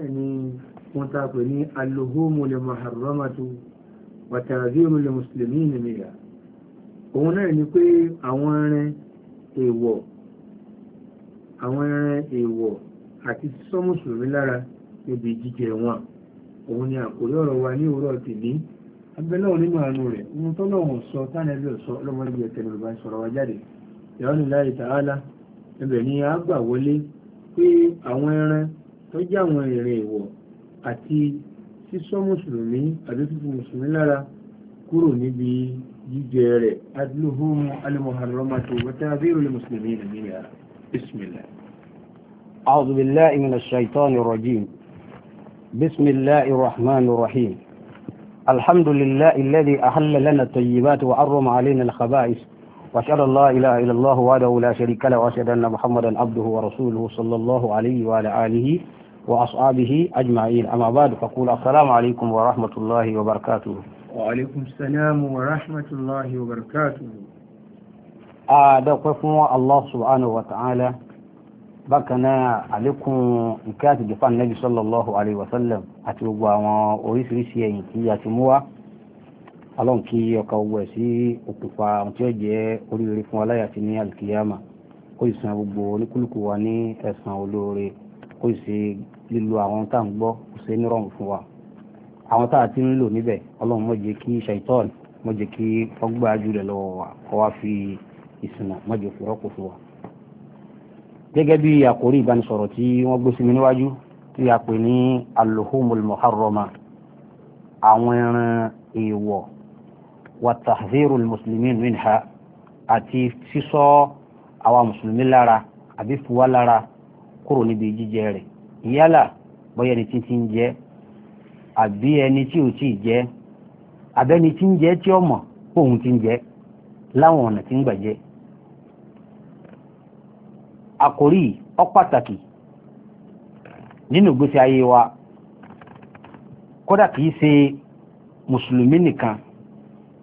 ni wọ́n ta pè ní aluhumule maharamatu wàtàzírùlẹ̀ mùsùlùmí nìmìyà òun náà ni pé àwọn ẹran èèwọ̀ àwọn ẹran èèwọ̀ àti sísọ mùsùlùmí lára níbi jíjẹ wọn òun ni àkórí ọ̀rọ̀ wa ní òwúrọ̀ tìní abẹ́lẹ́wọ̀n nínú àánú rẹ̀ ohun tó lọ́wọ́ sọ tánẹ́bí ọ̀sọ́ lọ́mọdé ẹ̀tẹ̀ yorùbá sọ̀rọ̀ wa jáde ìyáwó ni tààlà ẹbẹ̀ ni a gbà wọlé pé àwọn ẹran tó jẹ́ àwọn ìrìn ìwọ̀ àti sísọ mùsùlùmí àbí fífi mùsùlùmí lára kúrò níbi jíjẹ rẹ̀ adúlóhùn alimuharramatu wàtàbírò lè mùsùlùmí nìyà bismillah. أعوذ بالله من الشيطان الرجيم بسم الله الرحمن الرحيم الحمد لله الذي أحل لنا الطيبات وحرم علينا الخبائث وأشهد أن لا إله إلا الله وحده لا شريك له وأشهد أن محمدا عبده ورسوله صلى الله عليه وعلى آله وأصحابه أجمعين أما بعد فقول السلام عليكم ورحمة الله وبركاته وعليكم السلام ورحمة الله وبركاته أدقفوا الله سبحانه وتعالى bákaná àlékún ìkẹ́ àti ìjọba nẹ́bí sallallahu alaihi wasallam àti gbogbo àwọn oríṣiríṣi ẹ̀yìn tí a ti mú wá ọlọ́run kí ọkà owó ẹ̀ sí òpùpà àwọn tí ó jẹ́ oríire fún aláyà ti ní alkiyama ó sì san gbogbo oníkúlùkù wa ní ẹ̀san olóore ó sì lílo àwọn tá à ń gbọ́ kò sí ní rọrùn fún wa àwọn tá a ti ń lò níbẹ̀ ọlọ́run má jẹ́ kí ṣàìtọ́ọ̀nù má kí ọgbà ajúlẹ̀ lọ́wọ́ wa kọ́ wa fi ìsìnà má jẹ́ rọ́pò fún wa. gẹ́gẹ́ bí àkórí ìbánisọ̀rọ̀ tí wọ́n gbé sí níwájú tí a pè ní aluhumul muharrama àwọn ẹran èèwọ̀ wa muslimin minha àti sísọ àwa mùsùlùmí lára àbí fúwa lára kúrò níbi jíjẹ rẹ̀ yálà bóyá ni tí ti ń jẹ àbí ẹni tí ò tí àbẹ́ni tí ń jẹ tí ó mọ̀ ti ń jẹ láwọn ọ̀nà tí gbà jẹ àkórí ọ pàtàkì nínú ìgbésí ayé wa kódà kìí ṣe mùsùlùmí nìkan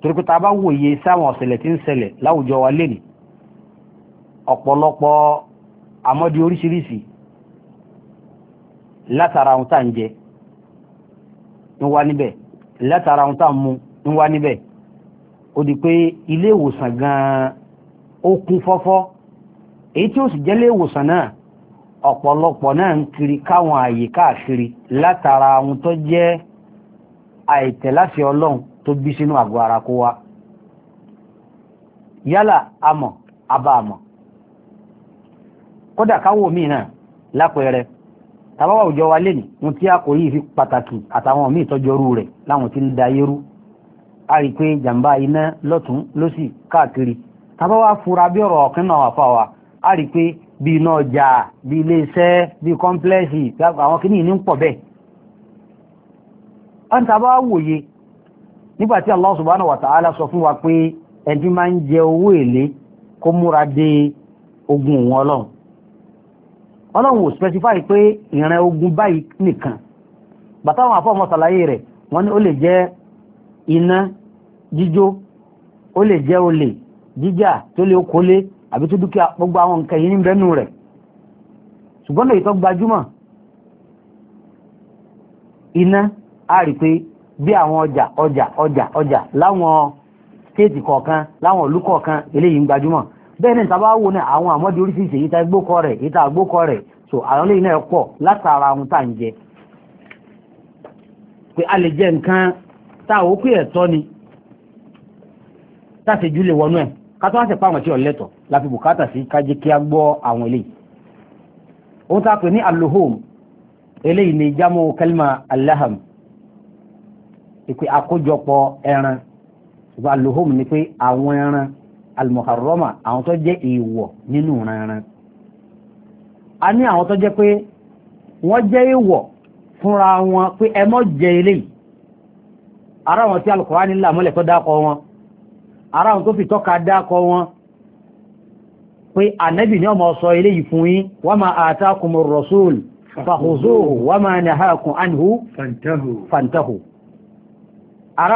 torí pé bá wòye sáwọn ọ̀sẹ̀lẹ̀ tí ń ṣẹlẹ̀ láwùjọ wa lénìí ọ̀pọ̀lọpọ̀ àmọ́dí oríṣiríṣi látara ohun tá à ń jẹ ń wá níbẹ̀ látara ohun tá ń mu ń wá níbẹ̀ ó di pé ilé ìwòsàn gan-an ó kún fọ́fọ́ èyí tí ó sì jẹ́ ilé ìwòsàn náà ọ̀pọ̀lọpọ̀ náà ń kiri káwọn àyè káàkiri látara ohun tó jẹ́ àìtẹ̀láṣẹ ọlọ́run tó bí sínú àgọ́ ara kó wa yálà amọ̀ abá amọ̀ kódà káwọ́ mi náà lápẹẹrẹ tàbáwà òjò wa lè ní wọn tí yí fi pàtàkì àtàwọn míì rẹ̀ láwọn tí ń da a rí pé jàǹbá iná lọ́tún lọ́sì káàkiri tàbáwà fura bí ọ̀rọ̀ ọ̀kan náà wà fà wá a rí pé bí iná ọjà bí ilé iṣẹ́ bí kọ́ńplẹ́ẹ̀sì àwọn kìíní ń pọ̀ bẹ́ẹ̀. tàbáwà wòye nígbà tí Allah subhanahu wa ta'ala sọ fún wa pé ẹni máa ọlọ́run ò specify pé ìran ogun báyìí nìkan bàtàwọn àfọ́mọ́ sàlàyé rẹ̀ wọ́n ní ó lè jẹ́ iná jíjó ó lè jẹ́ olè jíjà tó lè okòólé àbí tó dúkìá gbogbo àwọn nǹkan yìí ní bẹ́nu rẹ̀ ṣùgbọ́n lè tó gbajúmọ̀ iná a rí pé bí àwọn ọjà ọjà ọjà ọjà láwọn stéètì kọ̀ọ̀kan láwọn ìlú kọ̀ọ̀kan eléyìí ń gbajúmọ̀ bẹ́ẹ̀ ni tàbá wò náà àwọn àmọ́dé oríṣiríṣi ìta gbókọ rẹ̀ so àwọn lẹ́yìn náà pọ̀ látara ohun tá à ń jẹ pé a lè jẹ nǹkan tá a ẹ̀tọ́ ni tá a sì jú lè wọnú ẹ̀ ká tó wá sí pa tí ò lẹ́tọ̀ la fi bùkátà alaham ìpè àkójọpọ̀ ẹran ìpè alohom ni pé àwọn almuharrama àwọn tó jẹ́ èèwọ̀ nínú ranran a ní àwọn tó jẹ́ pé wọ́n jẹ́ èèwọ̀ fúnra wọn pé ẹ mọ́ jẹ eléyìí ara wọn tí Al-Qur'ani là mọ́lẹ̀ tó dákọ wọn ara wọn tó fi tọ́ka dákọ wọn pé ànábì ní ọmọ sọ eléyìí fún yín wa ma atakumur rasul fàhùzóhù ara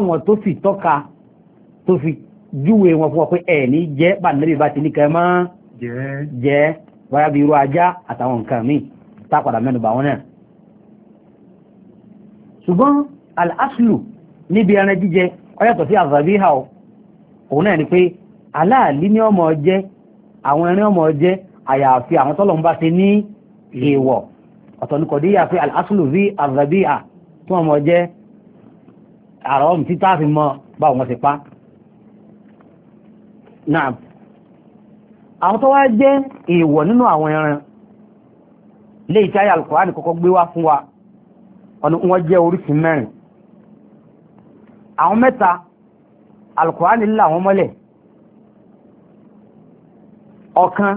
wọn tó fi tọ́ka tó fi júwe wọn fún ọ pé ẹ̀ ní jẹ́ bàdínlẹ́bì bá ti ní kẹ́ mọ́ jẹ́ wáyà bí irú ajá àtàwọn nǹkan míì tá padà mẹ́nu bà wọ́n náà ṣùgbọ́n al-aslu níbi ẹran jíjẹ ọyàtọ̀ sí àzàbíhà òun náà ni pé aláàlí ní ọmọ jẹ́ àwọn ẹran ọmọ jẹ́ àyàfi àwọn tọ́lọ̀ ń bá ti ní èèwọ̀ ọ̀tọ̀ ní kọ̀díyà pé al-aslu fi àzàbíhà tí wọ́n mọ̀ jẹ́ àrọ́ títà fi mọ báwọn ṣe pa náà àwọn tó wá jẹ́ èèwọ̀ nínú àwọn ẹran lè tí àyà Al-Kùránì kọ́kọ́ gbé wá fún wa ọ̀nà wọ́n jẹ́ oríṣi mẹ́rin àwọn mẹ́ta Al-Kùránì là wọ́n mọ́lẹ̀ ọ̀kan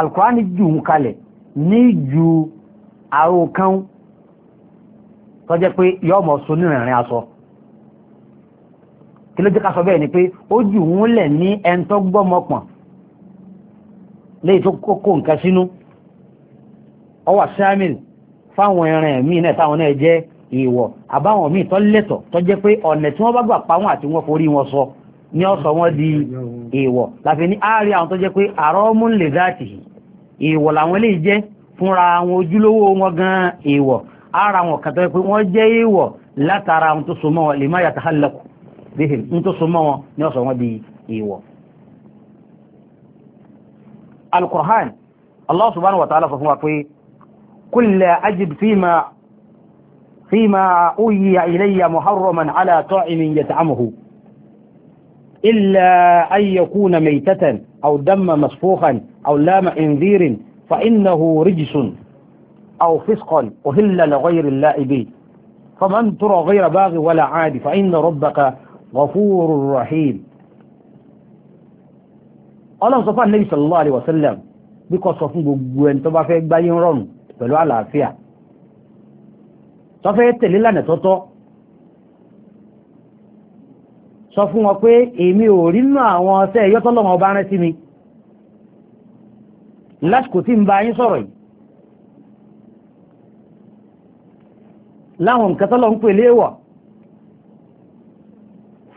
Al-Kùránì jù ń kalẹ̀ ní ju àrò kan tó pé yọ́ mọ̀ so nírìnrìn aṣọ kí ló jẹ́ ká sọ bẹ́ẹ̀ ni pé ó jù wọ́n lẹ̀ ní ẹ̀ńtọ́ gbọ́mọpọ̀n léyìí tó kókó nǹkan sínú ọwà samuel fáwọn ẹran ẹ̀mí náà táwọn náà jẹ́ ìwọ̀ àbáwọn míì tó lẹ́tọ̀ tó jẹ́ pé ọ̀nà tí wọ́n bá gbà pa wọn àti wọn forí wọn sọ ní ọ̀sọ̀ wọn di ìwọ̀ láfi ní àárín àwọn tó jẹ́ pé àrọ́mú lè dáàtì ìwọ̀ làwọn eléyìí jẹ́ fúnra àwọn ojúlówó wọn gan ìwọ̀ ara wọn kàtọ́ pé wọ́n jẹ́ ìwọ̀ látara àwọn tó so mọ́ lè má yàtọ̀ hálẹ́kù bihim ń tó so mọ́ wọn ní ọ̀sọ̀ wọn di ìwọ̀ alukur'an allah subhanahu wa ta'ala sọ fún wa pé kulla ajib fima fima uyiya ilayya muharraman ala ta'imin yata'amuhu إلا أن يكون ميتة أو دم مسفوخا أو لام إنذير فإنه رجس أو فسقا أهل لغير الله به فمن ترى غير باغ ولا عاد فإن ربك ghafurur rahim ọlọ́run sọ fún ànábì sallallahu alaihi wasallam bí kò sọ fún gbogbo ẹni tó bá fẹ́ gbáyé ń rọrùn pẹ̀lú àlàáfíà tó fẹ́ tẹ̀lé lànà tọ́tọ́ sọ fún wọn pé èmi ò rí nínú àwọn ọ̀sẹ̀ yọ́tọ́lọ́wọ́n ọba rán sí mi lásìkò tí ń bá yín sọ̀rọ̀ yìí láwọn nǹkan tọ́lọ́ ń pè léèwọ̀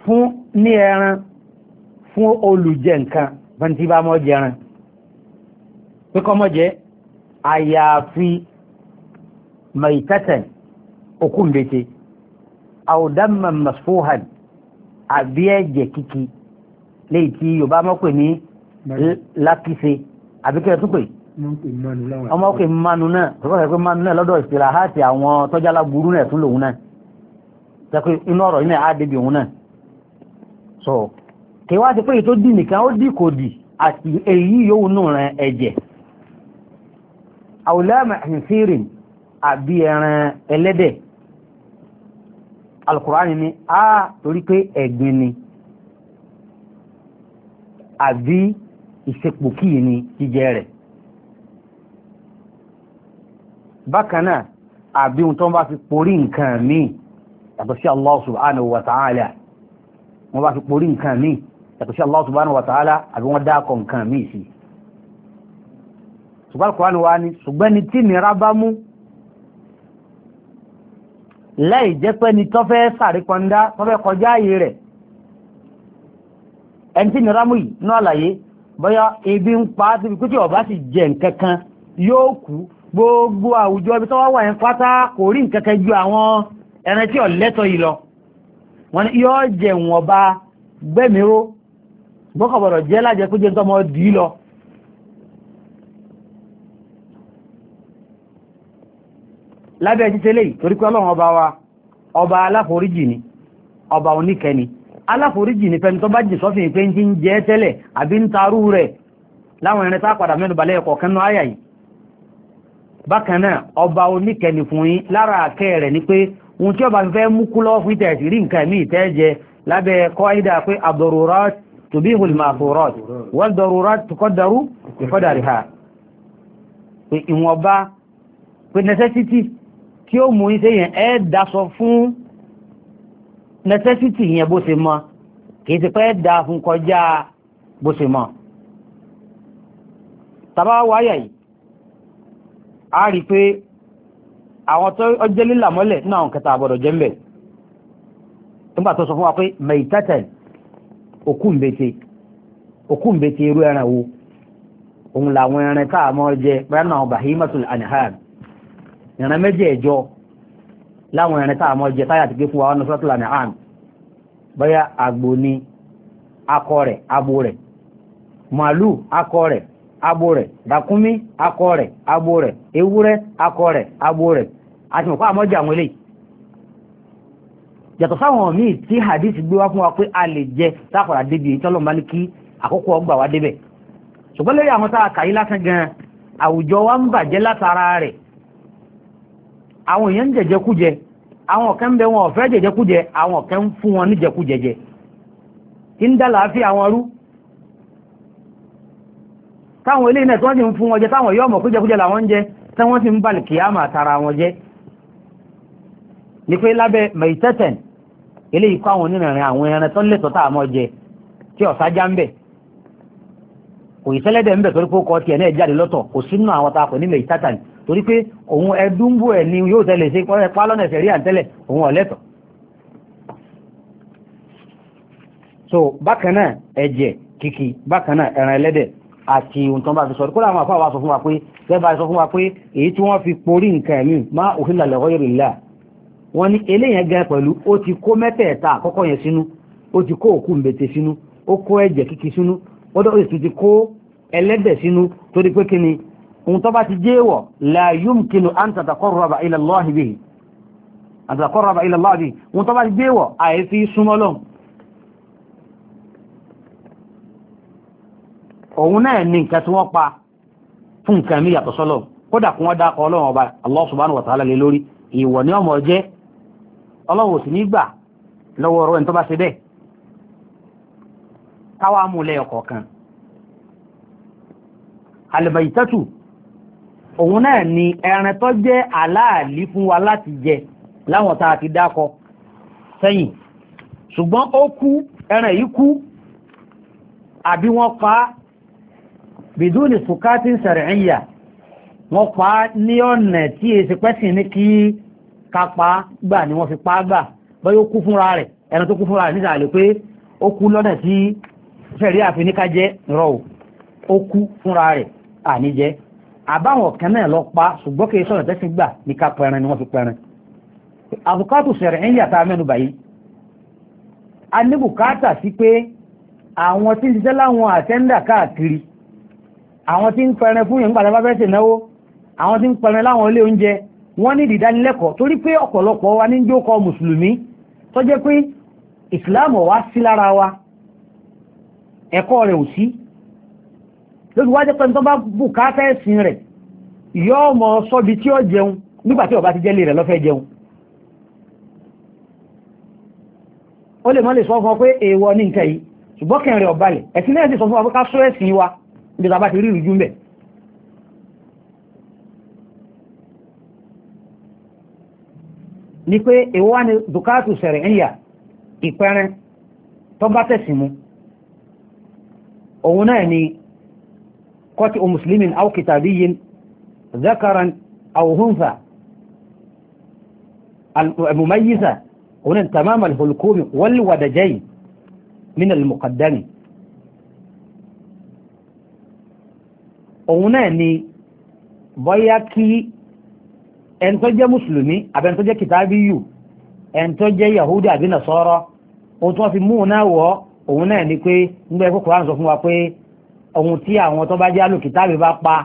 fún ní ẹran fún olùjẹ nǹkan bọ́ntí bá mọ́ jẹran pé kọ́ mọ́ jẹ́ àyàfi maitatan òkú mbete àwòdánmà masfuhan àbí ẹ̀jẹ̀ kìkì léyìí tí yorùbá mọ́ pè ní lákìsẹ àbí kí ẹ tún pè ọmọ òkè mmanu náà tó kọ́ pé mmanu náà lọ́dọ̀ ìsìlá àti àwọn tọ́jálá burú náà tún lòun náà jẹ́ inú ọ̀rọ̀ yìí náà á débi òun náà so kèwà ti pé èyí tó dì nìkan ó dì kò dì àti èyí yóò nù ran ẹ̀jẹ̀ àwòlẹ́mà ìfìrìn àbí ẹran ẹlẹ́dẹ̀ alukùránì ni a torí pé ẹ̀gbin ni àbí ìsepò kíì ni jíjẹ rẹ̀ bákan náà àbí ohun tó ń bá fi porí nǹkan míì yàtọ̀ sí Allah subhanahu wa ta'ala wọ́n bá fi porí nǹkan míì yàtọ̀ sí Allah subhanahu wa ta'ala àbí wọ́n dákọ̀ nǹkan míì sí ṣùgbọ́n Kùránì wa ni ṣùgbọ́n ni tí nira bá mú láì jẹ́ pé ni tọ́fẹ́ sàrípọ̀ndá tọ́fẹ́ kọjá ààyè rẹ̀ ẹni tí nira mú yìí ní àlàyé bóyá ebi ń pa síbi pé tí ọba sì jẹ nǹkan kan yóò kú gbogbo àwùjọ ibi tọ́wọ́ wà yẹn pátá kò rí nǹkan kan ju àwọn ẹran tí ọ̀lẹ́tọ̀ yìí lọ wọ́n ihe yọ́ jẹ wọn bá gbẹ́mìíró gbọ́kọ̀bọ̀rọ̀ jẹ́ lájẹ́ kó jẹ́ tọ́mọ dì í lọ lábẹ́ títẹ́lẹ̀ torí pé ọlọ́run ọba wa ọba aláforíjì ni ọba oníkẹni aláforíjì ni fẹni tó jì sọ́fìn pé ń ń jẹ́ tẹ́lẹ̀ àbí ń rẹ̀ láwọn tá padà mẹ́nu balẹ̀ yìí bákan náà ọba oníkẹni fún ohun tí ọba fẹ́ mú kú lọ́wọ́ fún ìtẹ̀ẹ̀sì rí nǹkan mí ìtẹ́ẹ̀jẹ lábẹ́ kọ́ ìdá pé ad-darurat tubihul ma'thurat wad-darurat tuqaddaru bi qadariha pé ìwọ̀nba pé necessity tí ó mú iṣẹ́ tàbá wáyà yìí a rí pé àwọn tó ọjẹ́ lílà mọ́lẹ̀ ní kẹta àbọ̀dọ̀ jẹ́ mbẹ̀ tó sọ fún wa pé mẹ̀tẹ́tẹ̀ òkú irú ẹran wo òun làwọn ẹran tá a mọ́ jẹ bẹ́ẹ̀ náà bahimatul anihar ìran méjì ẹ̀jọ láwọn ẹran tá mọ́ jẹ táyà ti gbé fún wa wọn suratul anihar àgbò ni akọ rẹ̀ abo rẹ̀ màálù akọ rẹ̀ abo rẹ̀ akọ rẹ̀ abo àti mọ̀pá àmọ́jú àwọn eléyìí yàtọ̀ sáwọn míì tí hadith gbé wá fún wa pé a lè jẹ sáàpàdà débi èyí tọ́lọ́mọ ní kí àkókò ọgbà wá débẹ̀ ṣùgbọ́n lórí àwọn tá a kà yí lásán gan àwùjọ wa ń bàjẹ́ látara rẹ̀ àwọn èèyàn ń jẹjẹkújẹ àwọn kan bẹ wọn ò fẹ́ jẹjẹkújẹ àwọn kan ń fún wọn ní jẹkújẹjẹ ń dá làáfíà wọn rú táwọn eléyìí náà tí wọ́n ti ń fún wọn jẹ táwọn yọ ọmọ kújẹkújẹ làwọn ń jẹ tí wọ́n ti ń balẹ̀ kìámà tara wọn jẹ́ ní pé lábẹ́ mẹ̀tẹ́tẹ̀n eléyìí kọ́ àwọn onírìnrìn àwọn ẹran tó lè tọ́ta àmọ́ jẹ tí ọ̀sá já ń bẹ̀ kò ì sẹ́lẹ̀dẹ̀ ń bẹ̀ torí pé ó kọ́ tiẹ̀ náà jáde lọ́tọ̀ kò sínú àwọn ta ní mẹ̀tẹ́tẹ̀n torí pé òun ẹdúnbù ẹ̀ ni yóò tẹ̀lé sí pálọ́nà ẹ̀sẹ̀ rí àǹtẹ́lẹ̀ òun ọ̀lẹ́tọ̀ so bákan náà ẹ̀jẹ̀ kìkì bákan náà ẹran ẹlẹ́dẹ̀ àti ohun tó ń bá fi sọ kó láwọn àfáà wa sọ fún wa pé bẹ́ẹ̀ bá sọ fún wa pé èyí tí wọ́n fi porí nǹkan ẹ̀mí má òfin làlẹ́ ọ̀yọ́ rẹ̀ wọ́n ni eléyìn gan pẹ̀lú ó ti kó mẹ́tẹ̀ẹ̀ta àkọ́kọ́ yẹn sínú ó ti kó òkú mbètè sínú ó kó ẹ̀jẹ̀ kíkì sínú ó dọ́ ti kó ẹlẹ́dẹ̀ sínú torí pé kí ni tó bá ti jẹ́ wọ̀ la yumkinu an tó bá ti jẹ́ wọ̀ súnmọ́ fún nǹkan yàtọ̀ kódà wọ́n dákọ̀ ọlọ́run ọba Allah subhanahu wa ta'ala lé lórí ìwọ̀ ni ọlọ́wọ̀ sí nígbà lọ́wọ́ ọ̀rọ̀ ẹni tó bá ṣe bẹ́ẹ̀ káwá mú lẹ́yọ̀ kọ̀ọ̀kan alìbàyìtẹ́tù òun náà ni ẹran tó jẹ́ aláàlí fún wa láti jẹ láwọn tá a ti dákọ sẹ́yìn ṣùgbọ́n ó kú ẹran yìí kú àbí wọ́n pa bìdúnì sùkátì sẹ̀rẹ̀ wọ́n pa ní ọ̀nà tí èsì pẹ́sìn ní kí kápá gbà ni wọ́n fi pa gbà bọ́yọ́ kú fúnra rẹ̀ ẹran tó kú fúnra rẹ̀ níta lè pé ó kú lọ́nà tí fẹ̀rí àfi rọ̀ o ó kú fúnra rẹ̀ àní jẹ́ àbáwọn kan náà lọ pa ṣùgbọ́n kì í sọ̀rọ̀ tẹ́sí gbà ní ká pẹran ni wọ́n fi pẹran àbùkátù sẹ̀rẹ̀ ń yàtá mẹ́nu báyìí a ní bùkátà sí pé àwọn tí ń ṣiṣẹ́ láwọn àtẹ́ńdà káàkiri àwọn tí ń pẹran fún yẹn ń padà bá fẹ́ ṣènáwó àwọn tí ń pẹran láwọn ilé oúnjẹ wọ́n ní ìdánilẹ́kọ̀ọ́ torí pé ọ̀pọ̀lọpọ̀ wa ní jókọ́ mùsùlùmí tó jẹ́ pé ìsìláàmù wá sí lára wa ẹ̀kọ́ rẹ̀ ò sí lórí wájẹ́ pé tó bá bùkátà ẹ̀sìn rẹ̀ yóò mọ̀ sọ́bi tí ó jẹun nígbàtí ó bá ti jẹ́lé rẹ̀ lọ́fẹ́ jẹun ó lè mọ́ lè sọ fún ọ pé èèwọ̀ ní nǹkan yìí ṣùgbọ́n kẹrin ọ̀balẹ̀ ẹ̀sìn náà sì sọ fún ọ pé ká sọ ẹ̀sìn wa nígbà tá ti rí ìrújú mbẹ̀ ni pé èwo wá ní dùkátù sẹ̀rẹ̀ ń yà ìpẹrin tó bá tẹ̀sí mu òun náà ni kọ́tí o muslimin aw kitabiyin zakaran aw hunsa al-mumayyiza òun ni tamam min al-muqaddami òun náà ni bọ́yá ẹni tó jẹ́ mùsùlùmí àbẹ́ni tó jẹ́ kìtàbíyù ẹni tó jẹ́ yahudi àbí nàṣọ́rọ́ ohun tí wọ́n fi mú un náà wọ̀ òun náà ni pé nígbà ẹ̀kọ́ kòrán sọ fún wa pé ohun tí àwọn tó bá jẹ́ alùkìtàbí bá pa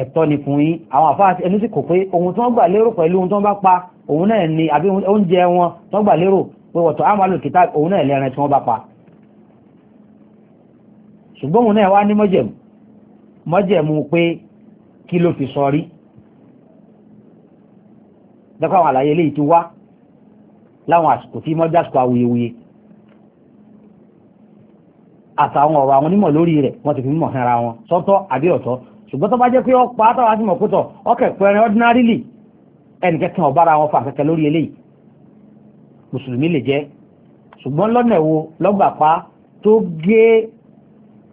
ẹ̀tọ́ ni fún yín àwọn àfáà ẹni sì kò pé ohun tí wọ́n gbà lérò pẹ̀lú ohun tí wọ́n bá pa òun náà ni àbí oúnjẹ wọn tí wọ́n gbà lérò pé wọ̀tọ̀ àwọn alùkìtàbí òun náà lẹ́ran tí wọ́n bá pa ṣùgbọ́n òun náà wá ní mọ́jẹ̀mú mọ́jẹ̀mú pé kí ló fi sọ rí dọ́kọ̀ àwọn àlàyé eléyìí ti wá láwọn àsìkò tí mọ́jà sọ awuyewuye àtàwọn ọ̀rọ̀ àwọn onímọ̀ lórí rẹ̀ wọ́n ti fi mímọ̀ hanra wọn sọ́tọ̀ àbí ọ̀tọ̀ ṣùgbọ́n tó bá jẹ́ pé ó pa átàwà sí mọ̀kútọ̀ ọkẹ̀ pẹ̀rẹ̀ ordinarily ẹnìkẹ́kẹ́ ọ̀bára wọn fà kẹ́kẹ́ lórí eléyìí mùsùlùmí lè jẹ́ ṣùgbọ́n lọ́nà wo lọ́gbà pa tó gé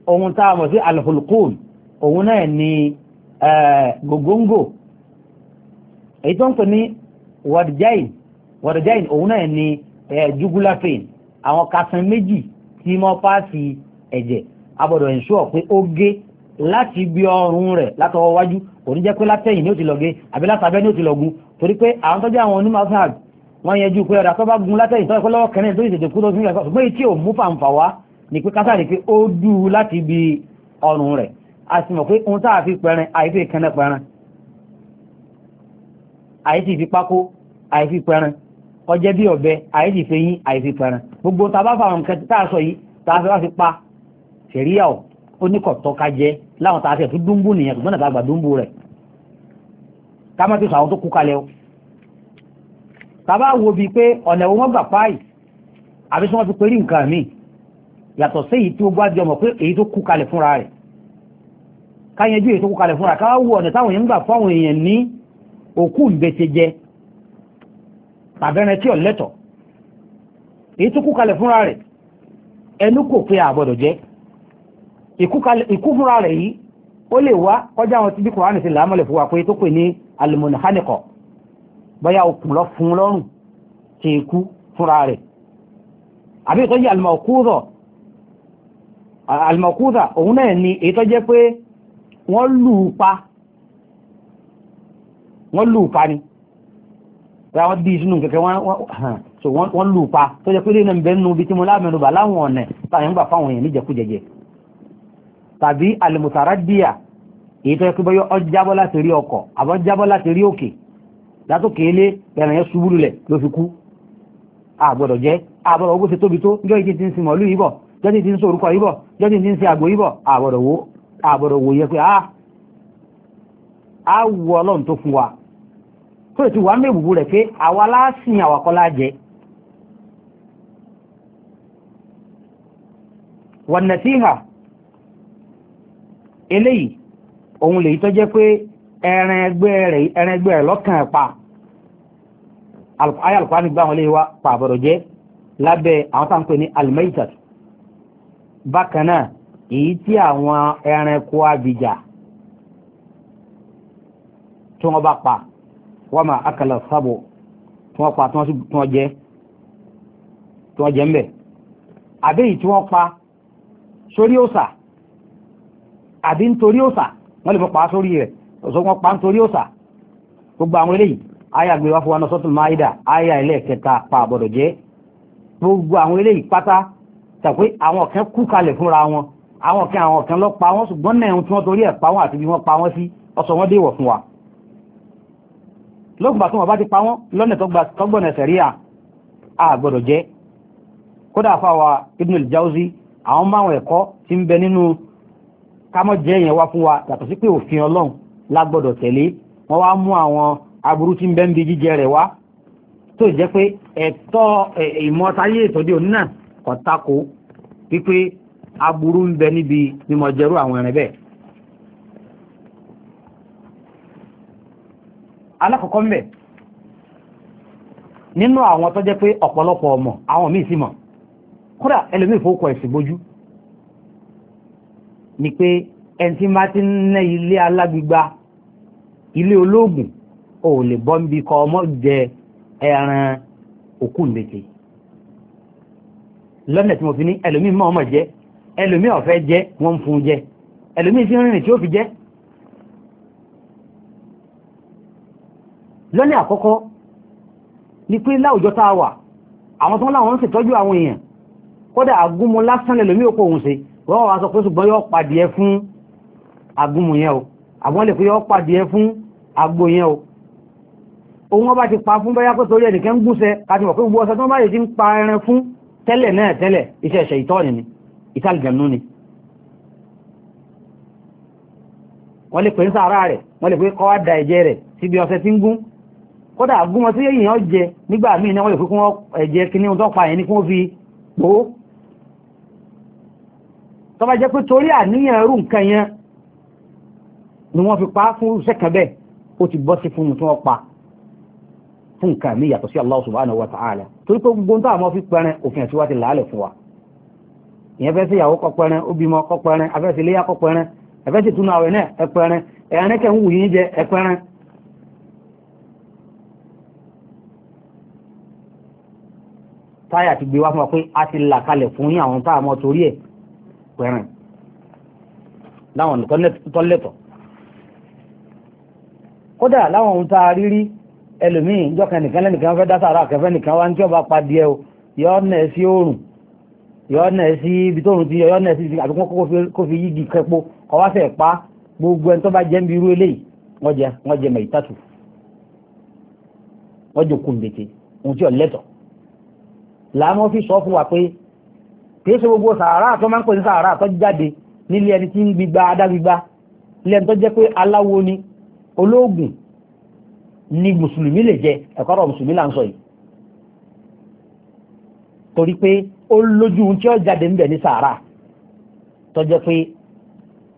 ohun tá mọ̀ sí alhulqum òun náà ni Eh, gògóńgò èyí tó ń pè ní warjain warjain òun náà ni eh, jugular vein àwọn kasan méjì tí mọ́ páàsì ẹ̀jẹ̀ abọ̀dọ̀ ensure pé ó gé láti ibi ọrùn rẹ̀ látọwọ́ wájú kò ní jẹ́ pé látẹ̀yìn ní ó ti lọ gé àbí látàbẹ́ ní ó ti lọ gun torí pé àwọn tọ́jú àwọn onímọ̀ sáàb wọ́n yẹjú pé ọ̀dà tó bá gun látẹ̀yìn tọ́jú pé lọ́wọ́ kẹrin tó ìṣètò kú tó sí ìrẹsọ̀ ṣùgbọ́n etí ò mú fàǹfà wá ni pé kásá rí pé ó dú láti ibi ọrùn rẹ̀ a sì mọ̀ pé ohun tá a fi pẹ̀rẹ̀ àìfi ìkànnà pẹ̀rẹ̀ àìsí fi pákó àìfi pẹ̀rẹ̀ ọjẹ́ bí ọ̀bẹ àìsí fi yín àìfi gbogbo tá a bá fa àwọn nǹkan tá a sọ yìí tá a fi wá fi pa ṣẹ̀ríyà ọ̀ oníkọ̀tọ́ ká jẹ láwọn tá a fi ẹ̀fún dúnbù nìyẹn ṣùgbọ́n nàbàgbà dúnbù rẹ̀ ká má ti sọ àwọn tó kú kalẹ̀ o tàbá wo bíi pé ọ̀nà ìwọ̀n gbà páì àbí sọ wọn fi péré nǹkan míì yàtọ̀ sí èyí tí bá di ọmọ pé èyí tó kú kalẹ̀ fúnra rẹ̀ káyẹjú ètò kó kalẹ̀ fúnra káwọ́ ọ̀nà táwọn èèyàn gbà fáwọn èèyàn ní òkú ìbẹ̀tẹ̀ jẹ tàbẹ́rẹ tí ò lẹ́tọ̀ ètò kó kalẹ̀ fúnra rẹ̀ ẹnu kò pé àbọ̀dọ̀ jẹ́ ikú fúnra rẹ̀ yìí ó lè wá kọjá àwọn tíbí kùránì sí làámọ̀lẹ̀ fún wa pé tó pè ní alimunhanikọ̀ bóyá okùn lọ fún lọ́rùn tí ikú fúnra rẹ̀ àbí ìtọ́jú alimọ̀kúzà òun náà ni èyí pé wọ́n lùpa wọ́n lùpa ni ra wọ́n dí ìṣúnú kẹ̀kẹ́ wọ́n lùpa tó jẹ́ pé lè nà bẹ́nu bí tí mo láàmẹ́nu bà láwọn ọ̀nà táyẹ̀ ń gbà fáwọn èèyàn níjẹkújẹjẹ tàbí alìmùsàrá díà èyí tó yẹ kí bọ́yọ́ ọjábọ́ láti rí ọkọ̀ àbọ́ jábọ́ láti rí òkè látòkè ilé ẹ̀rìn yẹn ṣubú lulẹ̀ ló fi kú àgbọ̀dọ̀ jẹ́ àbọ̀dọ̀ ogún ti tóbi tó jọ́ ìdí ti ń sin mọ̀lú yìí bọ̀ jọ́ ti ń sin orúkọ yìí bọ̀ jọ́ ti ń sin àgbò yìí bọ̀ àgbọ̀dọ̀ wo àbọ̀rọ̀ wòye pé ah, a wù ọlọ́run tó fún wa tó ti wà ní ìbùbù rẹ̀ pé àwa láásìn àwàkọ́lá jẹ wọ̀nà tí hà eléyìí òun lè tó jẹ́ pé ẹran ẹgbẹ́ rẹ̀ lọ́kàn pa ayé alùpàá nígbà wọn lè wá pàbọ̀rọ̀ jẹ́ lábẹ́ àwọn táwọn ní almaitat bákan èyí tí àwọn ẹranko abìjà tí wọ́n bá pa wọ́n máa akala sábò tí wọ́n pa tí wọ́n jẹ tí wọ́n jẹ ń bẹ̀ àbí èyí tí wọ́n pa sórí òsà àbí nítorí òsà wọ́n lè fọ́ pa sórí rẹ̀ ọ̀sọ́ wọn pa nítorí òsà gbogbo àwọn eléyìí aya gbé wá fún wa náà sọ́tún máìdà aya ẹlẹ́ẹ̀kẹta pa àbọ̀dọ̀ jẹ́ gbogbo àwọn eléyìí pátá tàpé àwọn kan kú kalẹ̀ fúnra wọn àwọn kan àwọn kan lọ pa wọ́n ṣùgbọ́n náà tí wọ́n torí ẹ̀ pa wọ́n àti bí wọ́n pa wọ́n sí ọsọ wọ́n déwọ̀ fún wa lọ́gbà tí wọ́n bá ti pa wọ́n lọ́nà tọ́gbọ̀nà sẹ̀ríà àgbọ̀dọ̀ jẹ́ kódà fáwa Ibn al àwọn máwọn ẹ̀kọ́ ti ń bẹ nínú kámọ́ yẹn wá fún wa yàtọ̀ sí pé òfin Ọlọ́run lágbọ́dọ̀ tẹ̀lé wọ́n wá mú àwọn aburú tí ń bẹ ń bi jíjẹ rẹ̀ wá tó jẹ́ pé ẹ̀tọ́ ìmọ̀tayé ìtọ́jú òní náà kọ̀ tako wípé aburú ń bẹ níbi mímọ̀jẹ̀rú àwọn ẹran bẹ́ẹ̀ alákọ̀ọ́kọ́ ń bẹ nínú àwọn tó jẹ́ pé ọ̀pọ̀lọpọ̀ ọmọ àwọn míì sì mọ̀ kódà ẹlòmíì fowókọ̀ ẹ̀sìn bójú ni pé ẹni tí máa ti ń ná ilé alágbígba ilé olóògùn ò lè bọ́ ń bi kọ ọmọ jẹ ẹran òkú ìgbèkè lọ́nà tí mo fi ní ẹlòmíì mọ̀ ọmọ jẹ́ ẹlòmí ọ̀fẹ́ jẹ́ wọ́n fún jẹ́ ẹlòmí sí rìnrìn tí ó fi jẹ́ lọ́nà àkọ́kọ́ ni pé láwùjọ tá a wà àwọn tó láwọn ń ṣètọ́jú àwọn èèyàn kódà agúnmu lásán lẹ́lòmí òkú òun ṣe wọ́n wá sọ pé ṣùgbọ́n yóò pàdìẹ fún agúnmu yẹn o àwọn lè pé yóò pàdìẹ fún agbo yẹn o òun ọba ti pa fún bẹ́yà pé torí ẹnìkan ń gúnṣẹ́ káti mọ̀ pé gbogbo ọ̀sẹ̀ tó bá yìí ti ń pa ẹran fún tẹ́lẹ̀ náà tẹ́lẹ̀ iṣẹ́ ìṣẹ̀ ìtọ́ni ni ìtàlìjànú ni wọ́n lè pè ń sàárà rẹ̀ wọ́n lè pè kọ́wà da ẹ̀jẹ̀ rẹ̀ síbi ọ̀sẹ̀ tí ń gún kódà gún wọn tí èèyàn jẹ nígbà míì náà wọ́n lè pè kún ẹ̀jẹ̀ tó pa yẹn ní kún fi gbó tó bá jẹ́ pé torí àníyàn ẹrú nǹkan yẹn ni wọ́n fi pa fún iṣẹ́ kan bẹ́ẹ̀ ó ti bọ́ sí fún un tí wọ́n pa fún nǹkan wa ta'ala torí pé gbogbo ń tó àwọn ìyẹn fẹ́ sí ìyàwó kọpẹrẹ obìmọ kọpẹrẹ afẹ́síléyà kọpẹrẹ ẹ̀fẹ́sì túnú àwẹ̀ náà ẹpẹrẹ ẹ̀rẹ́kẹ̀ ń wù yí jẹ ẹpẹrẹ táyà ti gbé wá fún ọ pé a ti là kalẹ̀ fún yín àwọn táà mọ́ torí ẹ̀ pẹ̀rẹ̀ láwọn ọ̀nà tọ́lẹ̀tọ̀ kódà láwọn ohun táa rírí ẹlòmíì jọ́kan nìkan lẹ́nìkan fẹ́ dá sàrà kẹfẹ́ nìkan wá ní tí ọba padì ẹ o yọ ọ́ nẹ̀ sí oòrùn yọ́nà sí ibi tó rùn ti yọ yọ́nà sí ibi àbí kó fi yígi kẹpo kọwáṣẹ̀ pa gbogbo ẹni tó bá jẹ́ bí irú eléyìí wọ́n jẹ wọ́n jẹ mẹ́yì tátù wọ́n jẹ kùnbètè ohun tí ò lẹ́tọ̀ làwọn fi sọ fún wa pé kìí ṣe gbogbo sàárà tó máa ń pè ní sàárà tó jáde nílé ẹni tí ń gbígba adágbígba ilé ẹni tó jẹ́ pé aláwo ni olóògùn ni mùsùlùmí lè jẹ ẹ̀kọ́ ọ̀rọ̀ mùsùlùmí là ń sọ yìí torí pé ó lójú tí ó jáde ń bẹ̀ ní sàárà tó jẹ́ pé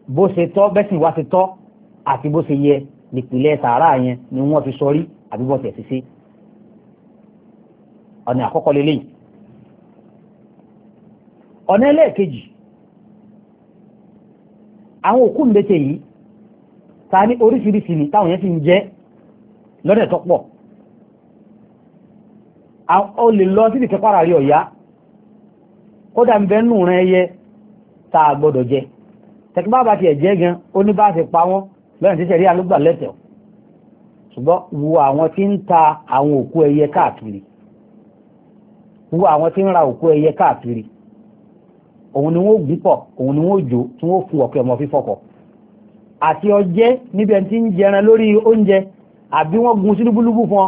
bó ṣe tọ́ bẹ́sìn wá ṣe tọ́ àti bó ṣe yẹ nípìnlẹ̀ sàárà yẹn ni wọ́n fi sọrí àbí bọ́ tẹ̀ sí sí ọ̀nà àkọ́kọ́ lélẹ́yìí ọ̀nà ẹlẹ́ẹ̀kejì àwọn òkú mbẹ́tẹ̀ yìí ta ní oríṣiríṣi ni táwọn yẹn fi ń jẹ lọ́dẹ̀ tó o lè lọ sí ìfẹ́ rí ọ̀yá kódà ń bẹ nù rẹ ẹyẹ tá a gbọdọ̀ jẹ tẹ̀kí bá bá ti ẹ̀jẹ́ gan ó ní bá ti pa wọ́n lọ́yìn tí sẹ̀rí alúgbà lẹ́tẹ̀ọ́ ṣùgbọ́n wo àwọn tí ń ta àwọn òkú ẹyẹ káàkiri wo àwọn tí ń ra òkú ẹyẹ káàkiri òun ni wọ́n gún pọ̀ òun ni wọ́n jò tí wọ́n àbí wọ́n gun sí lúbúlúbú fún ọ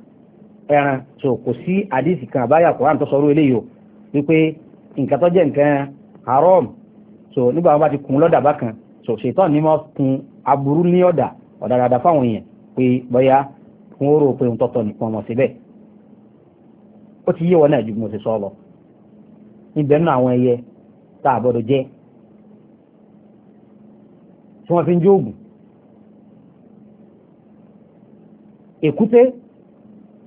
ẹran tó kò sí àdìsí kan àbáyà Kùránì tó sọrú eléyìí o wípé nǹkan tó jẹ́ nǹkan haram so nígbà wọn bá ti kun lọ́dà bákan so ṣètọ́ ni wọ́n kun aburú ní ọ̀dà ọ̀dàdàdà fáwọn èèyàn pé bóyá fún oró pé òun tọ́tọ̀ nìkan mọ̀ síbẹ̀ ó ti yé wọn náà ju mo ṣe sọ lọ níbẹ̀ nínú àwọn ẹyẹ tá a gbọ́dọ̀ jẹ́ tí wọ́n fi ń jó oògùn èkúté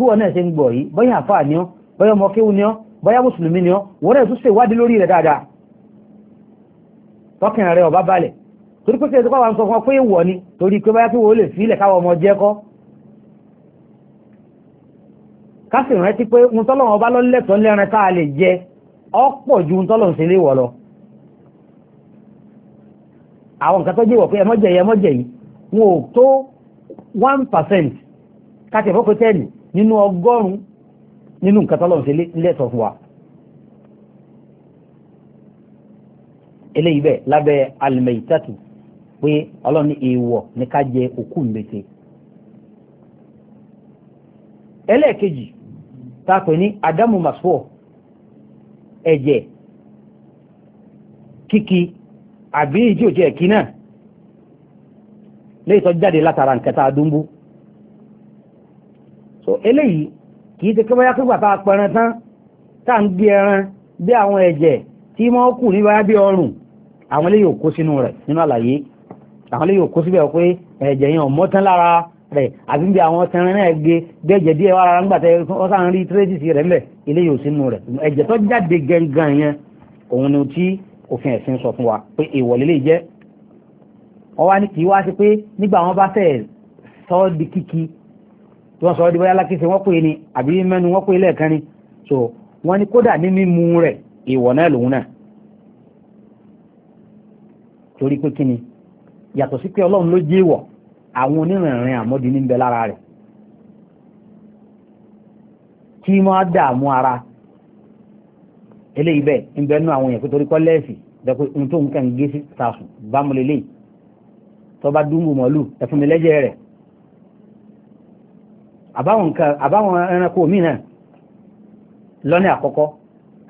bí wọ́n náà ṣe ń gbọ́ yìí bọ́yá àfáà ni ọ́ bọ́yá ọmọ kéwú ni ọ́ bọ́yá mùsùlùmí ni ọ́ wọ́n náà tún ṣe ìwádìí lórí rẹ̀ dáadáa tọ́kàn rẹ̀ ọba balẹ̀ torí pé kí wọ́n sọ fún ọ pé ìwọ̀ ni torí pé báyá kí wọ́n lè fi ilẹ̀ káwọn ọmọ jẹ́ kọ́ kásì rántí pé ń tọ́lọ̀ ọba lọ́lẹ́tọ̀ lẹ́ran tá lè jẹ ọ̀pọ̀ ju ń tọ́lọ̀ ṣe léwọ̀ lọ àwọn nǹkan tó jẹ́ ìwọ̀ pé ẹmọ́jẹ̀ yìí ẹmọ́jẹ̀ yìí wọn ò tó one percent káti ẹ̀fọ́ pé tẹ́ẹ̀nì nínú ọgọ́rùn nínú nǹkan tọ́lọ̀ ṣe lẹ́tọ̀ fún wa eléyìí bẹ́ẹ̀ lábẹ́ alimẹ̀yìtàtù pé ọlọ́ni èèwọ̀ ní ká jẹ òkú mbete ẹlẹ́ẹ̀kejì tápẹ̀ ní adamu masfo ẹ̀jẹ̀ kíkí àbí ìjí òjò ẹ̀kí náà léyìí tó jáde látara nkẹta adúmbú so eléyìí kìí ti kébọ́yá pípà tá a pẹran tán tá à ń gbé ẹran bí àwọn ẹ̀jẹ̀ tí wọ́n kù ní báyá bí ọrùn àwọn eléyìí ò kó sínú rẹ̀ nínú àlàyé àwọn eléyìí ò kó síbẹ̀ pé ẹ̀jẹ̀ yẹn ò mọ́ tán lára rẹ̀ àbí bí àwọn tẹran náà gbé bí ẹ̀jẹ̀ díẹ̀ wà rárá ńgbàtẹ́ wọ́n sáà ń rí tírẹ́sìsì rẹ̀ ńlẹ̀ eléyìí ò sínú rẹ̀ ẹ̀jẹ̀ tó jáde gangan yẹn òun ni tí òfin ẹ̀sìn sọ fún wa pé ìwọ̀lé lè jẹ́ wọ́n wá ní kí wá sí pé nígbà wọn bá fẹ́ sọ di kíkí tí wọ́n sọ ọ́ di bóyá lákìsẹ́ wọ́n pè ní àbí mẹ́nu wọ́n pè lẹ́ẹ̀kan ni so wọ́n ní kódà ní mímu rẹ̀ ìwọ̀ náà lòun náà torí pé kí ni yàtọ̀ sí pé ọlọ́run ló jẹ́ ìwọ̀ àwọn onírìnrìn àmọ́dí ní ń bẹ lára rẹ̀ kí mọ́ á dààmú ara eléyìí bẹ́ẹ̀ ń bẹ nú àwọn èèyàn pé torí kọ́ lẹ́ẹ̀sì dẹ́kun ohun tó ń kàn gé sí tàṣù bámúlélẹ́yìí tọ́ba dúngbò mọ́lù ẹ̀fúnmi lẹ́jẹ̀ rẹ̀ àbáwọn ẹranko mìíràn lọ́nà àkọ́kọ́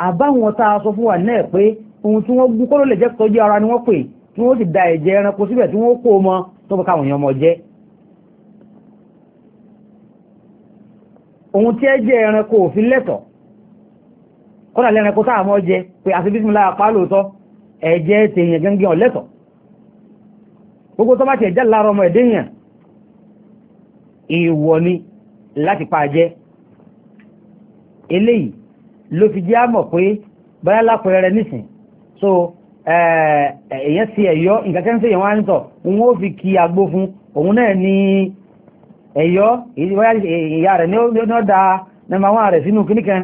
àbáwọn tá a sọ fún wa náà pé ohun tí wọ́n gún kó ló lè jẹ́ tọ́jú ara ni wọ́n pè tí wọ́n sì da ẹ̀jẹ̀ ẹranko síbẹ̀ tí wọ́n kó mọ tó bá káwọn èèyàn mọ jẹ́ ohun tí ẹ̀jẹ̀ ẹranko òfin lẹ́tọ̀ kọ́nà lẹ́ranko táà mọ́ jẹ pé àti bísí lára pa lóòótọ́ ẹ̀jẹ̀ tèèyàn gẹ́gẹ́ ọ̀lẹ́tọ̀ gbogbo tó bá ti ẹ̀jẹ̀ lára ọmọ ẹ̀dẹ́yàn ìwọ ni láti pa jẹ́ eléyìí ló fi jẹ́ àmọ̀ pé báyá lápẹẹrẹ nísìn so èyàn sí ẹ̀yọ́ nǹkan kẹ́ńtì èyàn wá ń sọ òun ó fi kí agbó fún òun náà ní ẹ̀yọ́ ìyá rẹ̀ ní ó da nọ́mbà wọn rẹ̀ sínú kíníkan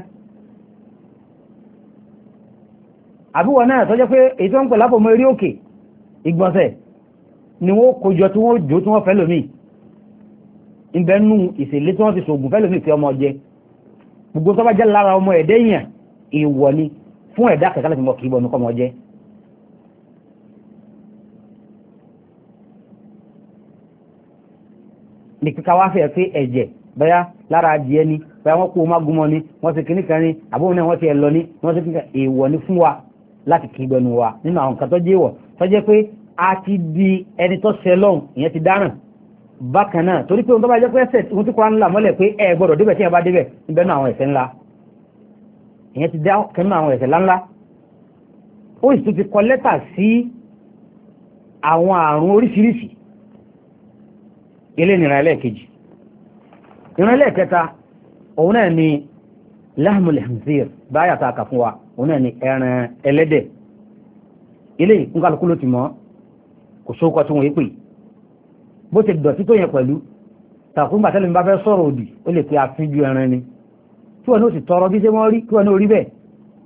àbúwọ̀ náà tọ́jọ́ pé èyí tó ń pè lápò mọ́ eré òkè ìgbọ̀nsẹ̀ ni wọ́n kójọ tí wọ́n jò tí wọ́n fẹ́ lómìn ìbẹ́nu ìṣèlé tí wọ́n ti ṣògùn fẹ́lẹ̀ sí ìfẹ́ ọmọ jẹ gbogbo tó jẹ́ lára ọmọ ẹ̀dẹ́ èèyàn èèwọ̀ ni fún ẹ̀dá kẹta láti mọ kì í bọ̀ nukọ́ ọmọ jẹ. ní kíkà wá fẹ́ pé ẹ̀jẹ̀ bẹ́yà lára adìẹ ni bẹ́yà wọ́n kó o má gúnmọ́ ni wọ́n ti kíní kan ni àbúrò náà wọ́n ti ẹ̀ lọ ni wọ́n ti kíní kan èèwọ̀ ni fún wa láti kì í bẹnu wa nínú àwọn nǹkan tó jẹ́ wọ̀ tó jẹ́ pé a ti di ẹni tó ṣẹlọ́hùn ìyẹn ti dáràn bákan náà torí pé ohun tó bá jẹ́ pé ẹsẹ̀ ohun tí kọ́ra ńlá mọ́lẹ̀ pé ẹ gbọ́dọ̀ débẹ̀ tí ẹ bá débẹ̀ níbẹ̀ náà àwọn ẹ̀ṣẹ̀ ńlá ìyẹn ti dá kẹ́nu àwọn ẹ̀ṣẹ̀ ńláńlá ó sì tún ti kọ lẹ́tà sí àwọn àrùn oríṣiríṣi ilé ìnira ẹlẹ́ẹ̀kejì ìran ẹlẹ́ẹ̀kẹta òun náà ni lahmul hamzir báyà tá a kà fún wa òun náà ni ẹran ẹlẹ́dẹ̀ ilé ìkúnkálukú ló ti mọ́ kò sókọ́ tí wọ́n yé pè yìí bó ti dọ̀tí tó yẹn pẹ̀lú tàkùn bàtẹ́lẹ̀ bá fẹ́ sọ̀rọ̀ òdì ó lè pe àfinjú ẹran ni kí wọn ó sì tọrọ bí ṣe wọ́n rí kí wọn ó rí bẹ́ẹ̀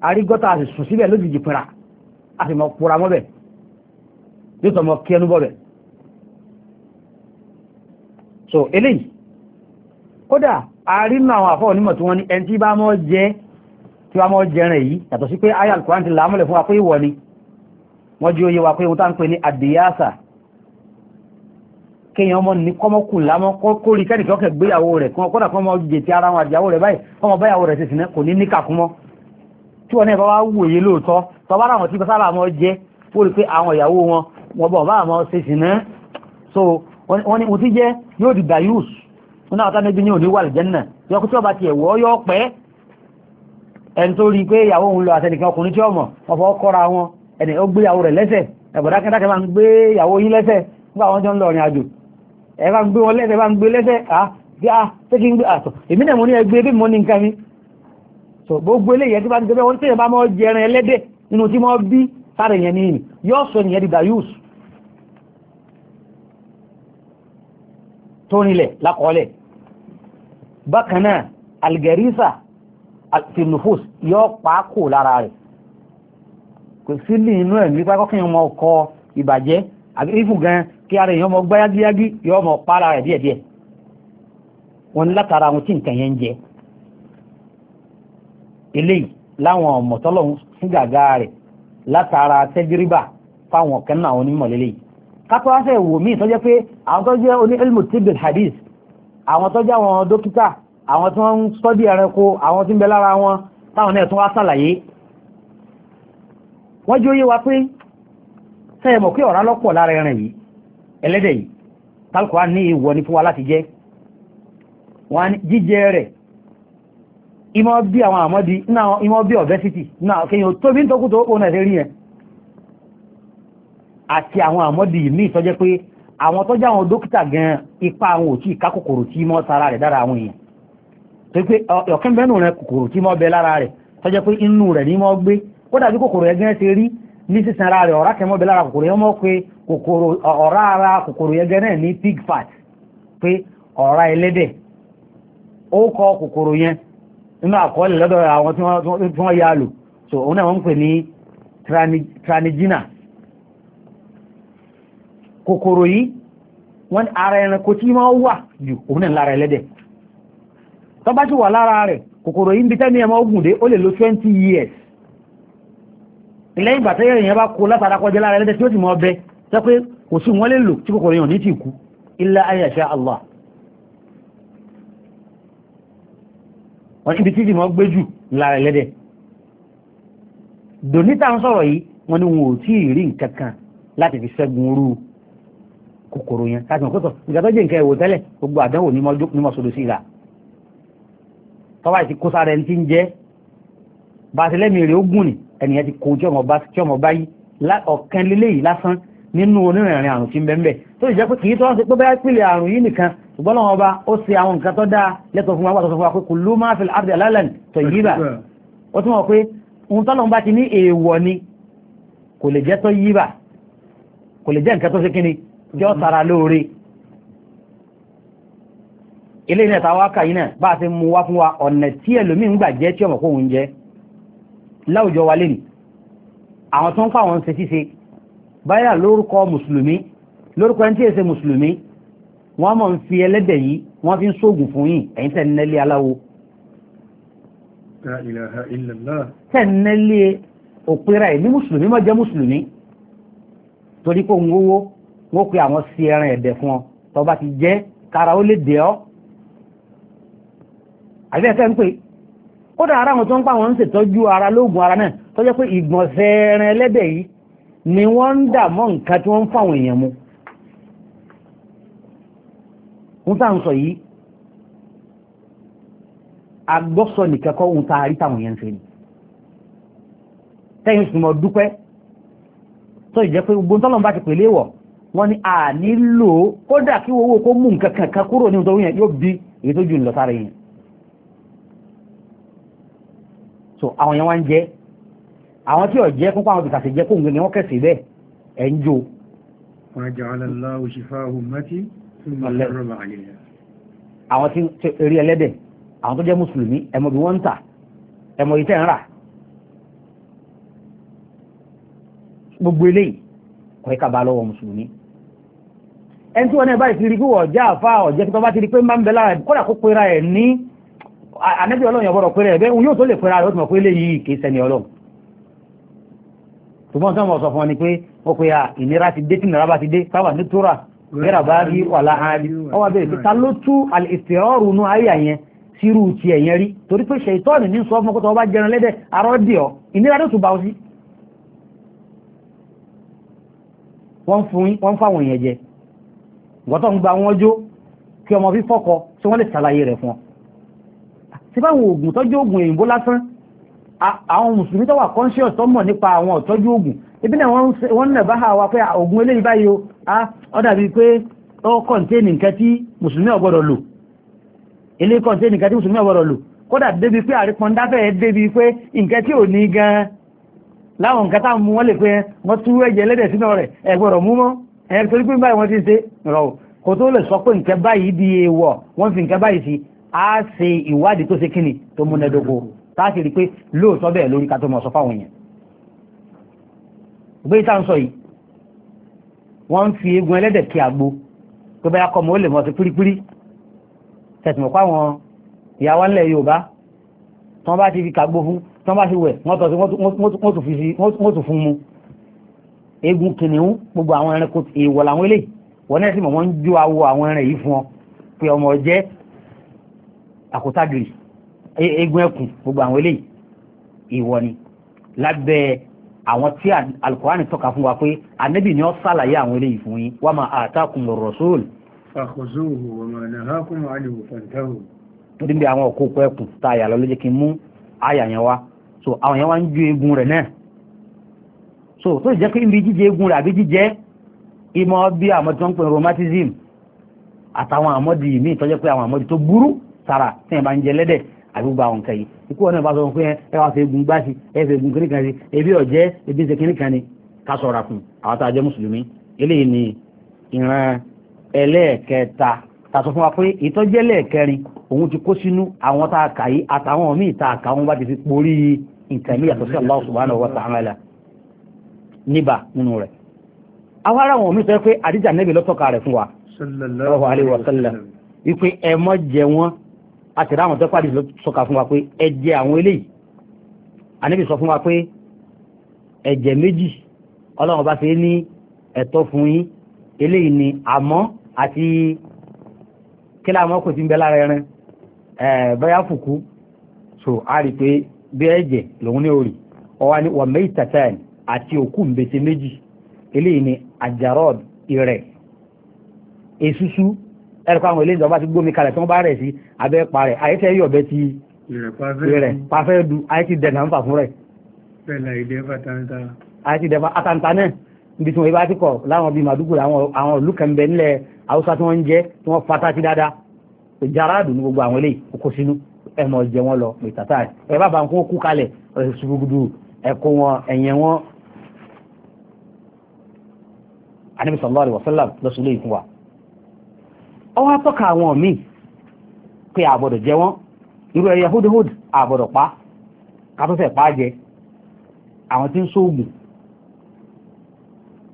arí gọ́tà sùn síbẹ̀ lójijì pẹ̀ra a mọ kura mọ́ yóò tọ́ mọ kí ẹnu bọ́ so eléyìí kódà arí nù àwọn àfọwọ́ onímọ̀ tí wọ́n ní ẹni tí bá mọ́ jẹ́ tí wọ́n mọ́ jẹrin yìí yàtọ̀ sí pé ayé alukóran ti làámọ̀lẹ̀ fún wa pé ìwọ ni wọ́n jí oyé wa pé ohun tá à ń pè ní àdìyásà kéèyàn ọmọ ní kọ́mọ́kùn lámọ́ kó rí kẹ́nìkan kẹ́ gbéyàwó rẹ̀ kọ́ kọ́dà kọ́ mọ́ jètì ara wọn àdìyàwó rẹ̀ báyìí ọmọ báyàwó rẹ̀ ṣèṣìn kò ní níkàkún mọ́ tí wọn náà bá wá wòye lóòótọ́ tọ́ba àwọn tí sábà mọ́ jẹ́ ó rí pé àwọn ìyàwó wọn wọn bọ̀ bá àwọn ṣèṣìn so wọn ni mo ti jẹ́ yóò dìgbà yus nínú àwọn táwọn ẹbí ní òní wà lẹ́jẹ̀ náà yọkú tí ọba tiẹ̀ wọ́ yọ pẹ́ ẹni tó rí pé ìyàwó òun lọ àtẹnìkan ọkùnrin tí ọmọ ọfọ kọra wọn ẹni ó gbéyàwó rẹ̀ lẹ́sẹ̀ ẹ̀bọ̀dákẹ́dákẹ́ máa ń gbéyàwó yín lẹ́sẹ̀ nígbà wọn jọ ń lọ ìrìn àjò ẹ bá ń gbé wọn lẹ́sẹ̀ bá ń gbé lẹ́sẹ̀ à bí a ṣé kí n gbé àtọ̀ èmi náà mo ní ẹgbẹ́ bí mo ní nǹkan mi tó gbogbo eléyìí ẹtí bá ń gbé wọn tí èèyàn bá mọ́ jẹrin ẹlẹ́dẹ̀ nínú tí wọ́n bí sára yẹn ní ìní yóò sọ nìyẹn di dayus tó rinlẹ̀ lákọọ́lẹ̀ bákan náà algerisa finufus yóò pa á kò lára rẹ̀ kò sí lè inú ẹ̀mí pákọ́kẹ́ wọn kọ ìbàjẹ́ àbí ìfù kí ara èèyàn mọ gbáyágíyágí yóò mọ para rẹ̀ díẹ̀díẹ̀ wọn látara àwọn tí nǹkan yẹn ń jẹ eléyìí láwọn ọmọ tọ́lọ́hún sí gàgá rẹ̀ látara tẹ́gíríbà fáwọn kan náà àwọn onímọ̀ lélẹ́yìí kápẹ́ wáṣẹ́ ìwò míì tó jẹ́ pé àwọn tó jẹ́ oní ilmu tibbil hadith àwọn tó jẹ́ àwọn dókítà àwọn tí wọ́n ń sọ́dí ẹranko àwọn tí ń bẹ lára wọn táwọn náà tún wá sàlàyé wọ́n jẹ́ òye wa pé sẹ́yẹ̀mọ̀ pé ọ̀rá lọ́pọ̀ lára ẹran yìí ẹlẹ́dẹ̀ yìí tálkùá ní ìwọ̀ ní fún wa láti jẹ́ wọ́n ní jíjẹ rẹ̀ ìmọ̀ bí àwọn àmọ́dí ìmọ̀ bí obesity náà kíyàn tó bí ń tókù tó ó náà rí yẹn àti àwọn àmọ́dí ní ìtọ́jẹ́ pé àwọn àwọn dókítà gan ipa àwọn òtí ìkákòkòrò tí mọ́ sára rẹ̀ dára àwọn èèyàn tó pé ọ̀kẹ́ mẹ́nu rẹ̀ kòkòrò tí mọ́ bẹ lára rẹ̀ tọ́jẹ́ pé inú rẹ̀ ní mọ́ gbé kódà bí kòkòrò ṣe rí ní sísan ara rẹ̀ ọ̀rá kòkòrò ọ̀rá ara kòkòrò yẹn gẹ́rẹ́ ní pig fat pé ọ̀rá ẹlẹ́dẹ̀ ó kọ kòkòrò yẹn nínú àkọọ́lẹ̀ lọ́dọ̀ àwọn tí wọ́n yá lò so òun náà wọ́n ń pè ní tranigina kòkòrò yìí wọ́n ara ẹranko tí máa wà jù òun náà lára ẹlẹ́dẹ̀ tó bá ti wà lára rẹ̀ kòkòrò yìí ń bí tẹ́ni ẹ̀ máa dé ó lè lo twenty years lẹ́yìn ìgbà tẹ́yẹ̀ yẹn bá kó látara kọjá lára ẹlẹ́dẹ̀ tí ó sì mọ ọbẹ̀ sọ pé kò sí wọ́n lè lò tí kòkòrò yàn ní ti kú illa ayasha Allah wọ́n níbi tí ìmọ̀ gbé jù lára ẹlẹ́dẹ̀ dòníta ń sọ̀rọ̀ yìí wọ́n ní wọn ò tí ì rí nǹkan kan láti fi ṣẹ́gun orú kòkòrò yẹn láti mọ̀ pẹ́tọ̀ nǹkan tó jẹ́ nǹkan ẹ̀wò tẹ́lẹ̀ gbogbo àdánwò ní mọ̀ sódò sí ìlà tọ́wá ti kó sára ẹni tí ń jẹ́ bá ti lẹ́mìí rẹ̀ ó gùn ní ẹnìyẹn ti kó tí ọmọ bá yí ọ̀kan lélẹ́yìí lásán nínú onírìnrìn àrùn tí ń bẹ́ẹ̀ tó lè jẹ́ pé kìí tó wá sí pé bẹ́ẹ̀ pìlẹ̀ àrùn yìí nìkan ṣùgbọ́n lọ́wọ́ ọba ó ṣe àwọn nǹkan tó dáa lẹ́tọ̀ fún wa sọ wa pé kullu ma fil ardi halalan tayyiba ó túnmọ̀ pé ohun tọ́lọ́ bá ti ní èèwọ̀ ni kò lè jẹ́ tó yíbà kò lè jẹ́ nǹkan tó ṣe kíni jẹ́ ọ̀tara lóore ilé iná ìta wákà yìí náà bá a ti mú wá fún wa ọ̀nà tí ẹlòmíín gbà jẹ́ tí ọmọ kóhun jẹ́ láwùjọ wa lénìí àwọn tó ń fà wọn ṣe ṣíṣe báyà lórúkọ mùsùlùmí lórúkọ ẹni tí èsè mùsùlùmí wọ́n mọ̀ ń fi ẹlẹ́dẹ̀ yìí wọ́n fi ń ṣoògùn fún yín ẹ̀yin tẹ̀ nílé aláwo. tẹ̀ nílé òpera ẹ̀ ní mùsùlùmí má jẹ́ mùsùlùmí torí pé òun owó wọ́n pe àwọn sí ẹran ẹ̀dẹ̀ fún ọ tó bá ti jẹ́ kára ó lè dè ọ́ àbí ẹ̀kẹ́ ń pè kódà ara àwọn tó ń pa àwọn ń ṣètọ́jú ara lóògùn ara náà tó jẹ́ pé ìgbọ̀nsẹ̀ ẹran ẹlẹ́dẹ̀ yìí ni wọ́n ń dà mọ́ nǹkan tí wọ́n ń fáwọn èèyàn mu ń tà ń sọ yìí agbọ́sọ nìkan kọ́ ń ta àrí táwọn èèyàn ṣe ni tẹ́yìn sì dúpẹ́ tó ìjẹ́ pé gbogbo tọ́lọ̀ bá ti pèlé wọ̀ wọ́n ní a nílò kódà kí owó kó mú nǹkan kankan kúrò ní nítorí yẹn yóò bí èyí tó jù ń lọ sára yẹn so àwọn yẹn wá ń jẹ́ àwọn tí ọ̀jẹ́ kún pàwọn bìkàṣẹ̀ jẹ́ kóhùn gẹ́gẹ́ wọ́n kẹ̀sì bẹ́ẹ̀ ẹ̀ ń jo. àwọn tí rí ẹlẹ́dẹ̀ àwọn tó jẹ́ mùsùlùmí ẹmọ bí wọ́n ń tà ẹmọ yìí tẹ̀ ń rà gbogbo eléyìí kọ́ ẹ̀ka bá lọ́wọ́ mùsùlùmí ẹni tí wọ́n náà báyìí ti rí kúwọ̀ ọ̀já àfá ọ̀jẹ́ tí wọ́n bá ti rí pé máa ń bẹ lára kọ́dà kó pera ẹ̀ ní ṣùgbọ́n tí wọ́n sọ fún ọ ni pé ó pe ìnira ti dé tí ìnira bá ti dé sábà ní tóra rẹ́rà bá rí wàhálà hàn án ọwọ́ bẹ́ẹ̀ pé ta ló tú àlìsìtìrọ́rù nú ayé yẹn sírù ti ẹ̀yẹn rí torí pé ṣètọ́ọ̀nì ní sọ fún ọkọ̀ tó bá jẹran lẹ́dẹ̀ arọ́ dì ọ́ ìnira tó tún bá ọ sí. wọ́n fún yín wọ́n fáwọn èèyàn jẹ ìgbọ́tọ̀ ń gba wọn jó kí ọmọ fífọ́kọ tí wọ́n lè ṣàlàyé rẹ̀ fún ọ àwọn mùsùlùmí tó wà conscious tó mọ̀ nípa àwọn ọ̀tọ́jú oògùn ibi náà wọ́n nà bá wa pé ah, oògùn eléyìí báyìí o ah, ó dàbí pé ó kọ̀ǹtéènì nǹkan tí mùsùlùmí ọ̀gbọ́dọ̀ lò ilé kọ̀ǹtéènì nǹkan tí mùsùlùmí ọ̀gbọ́dọ̀ lò kódà débi pé àrípọ̀ndá fẹ́ débi pé nǹkan tí ò ní gan-an láwọn nǹkan táwọn mú wọ́n lè pé wọ́n tú ẹ̀jẹ̀ ẹlẹ́dẹ̀ sínú rẹ̀ ẹ̀gbọ́dọ̀ mú mọ́ ẹ̀yẹ́ torí pé báyìí wọ́n ti ṣe rọ̀ kò tó lè sọ pé nǹkan báyìí di èèwọ̀ wọ́n fi nǹkan báyìí sí á ṣe ìwádìí tó ṣe kíni tó múnádóko táàsì rí pé lóòótọ́ bẹ́ẹ̀ lórí ká tó mọ̀ sọ fáwọn èèyàn gbé ìta ń sọ yìí wọ́n ń fi eegun ẹlẹ́dẹ̀ kí àgbo pé báyà kọ́ mọ́ ó lè mọ̀ sí pírípírí tẹ̀sìmọ̀ pa àwọn ìyàwó ńlẹ̀ Yorùbá tán bá ti fi kàgbó fún tán bá ti wẹ̀ wọ́n tọ́ sí wọ́n tún fún mu eegun kìnìún gbogbo àwọn ẹranko èèwọ̀ làwọn eléyìí wọ́n náà sì mọ̀ wọ́n ń jó awọ àwọn ẹran yìí fún ọ pé ọmọ jẹ́ àkótágìrì eegun ẹkùn gbogbo àwọn eléyìí ìwọ ni lábẹ́ àwọn tí alukurani tọ́ka fún wa pé anabi ni ó sàlàyé àwọn eléyìí fún yín wa ma atakumur rasul. fakhuzuhu wa ma nahakum anhu fantahu. torí bí àwọn òkú ẹkùn tá a yà lọ ló kí n mú àyà yẹn wá so àwọn yẹn wá ń ju eegun rẹ̀ náà so tó jẹ́ pé ibi jíjẹ eegun rẹ̀ àbí jíjẹ ìmọ̀ bí àmọ́ tí wọ́n ń pè rheumatism àtàwọn àmọ́dì míì tó jẹ́ pé àwọn àmọ́dì tó burú sára tí àdúgbò àwọn nǹkan yìí ikú ọ̀nà ìbá sọ fún ẹ ẹ wá fẹ́ gun gbáṣí ẹ fẹ́ gun kíníkan ni ebi ọ̀jẹ́ ebi ṣe kíníkan ni ká sọ̀ra fún àwọn tá a jẹ́ mùsùlùmí eléyìí ni ìran ẹlẹ́ẹ̀kẹta tàṣọ fún wa pé ìtọ́jẹ́ lẹ́ẹ̀kẹrin òun ti kó sínú àwọn tá a kà yìí àtàwọn míì tá a kà wọn bá ti fi porí nǹkan ní yàtọ̀ sí Allah subhanahu wa ta'ala níbà nínú rẹ̀ àwọn ará wọn mi sọ pé àdíjà nẹ́bí lọ́tọ̀ka rẹ̀ fún wa jẹ wọn a ti ráwọn tẹ́pàdé ló sọ́ka fún wa pé ẹ̀jẹ̀ àwọn eléyìí anábì sọ fún wa pé ẹ̀jẹ̀ méjì ọlọ́run bá ṣe ní ẹ̀tọ́ fún yín eléyìí ni àmọ́ àti kí láàmọ́ kò ti ń bẹ lára ẹran bẹ́yà fùkú so a rí pé bí ẹ̀jẹ̀ lòun ní orí ọwá ní wà mẹ́yì tàtàn àti òkú mbèsè méjì eléyìí ni àjàrọ́d ìrẹ̀ èsúsú ẹ̀rọ pé àwọn eléyìí tó bá ti gbómi kalẹ̀ tó ń bá rẹ̀ sí abẹ́ parẹ́ àyẹ́tẹ́ yọ̀ bẹ́ ti rẹ̀ pàfẹ́ du àyẹ́tì dẹ̀nà ń fà fún rẹ̀. àyẹ́tì dẹ̀fà àtàǹtà náà níbi tí wọ́n bá ti kọ̀ láwọn bíi màdúgbò àwọn ìlú kan bẹ nílẹ̀ haúsá tí wọ́n ń jẹ́ tí wọ́n fata ti dáadáa jaraadu ní gbogbo àwọn eléyìí kókó sínú ẹ mọ̀ jẹ wọn lọ pé tata bá bá kó kú kalẹ̀ ṣùgbùdù ẹ̀kọ́ wọn ẹ̀yẹ wọn. anabi sallallahu alaihi wasallam lọ́sùn lè fún wa. ọwọ́ atọ́ka àwọn míì pé àbọ̀dọ̀ jẹ wọ́n irú ẹyẹ húdhúd àbọ̀dọ̀ pa kátófẹ̀ pa jẹ àwọn tí ń sóògùn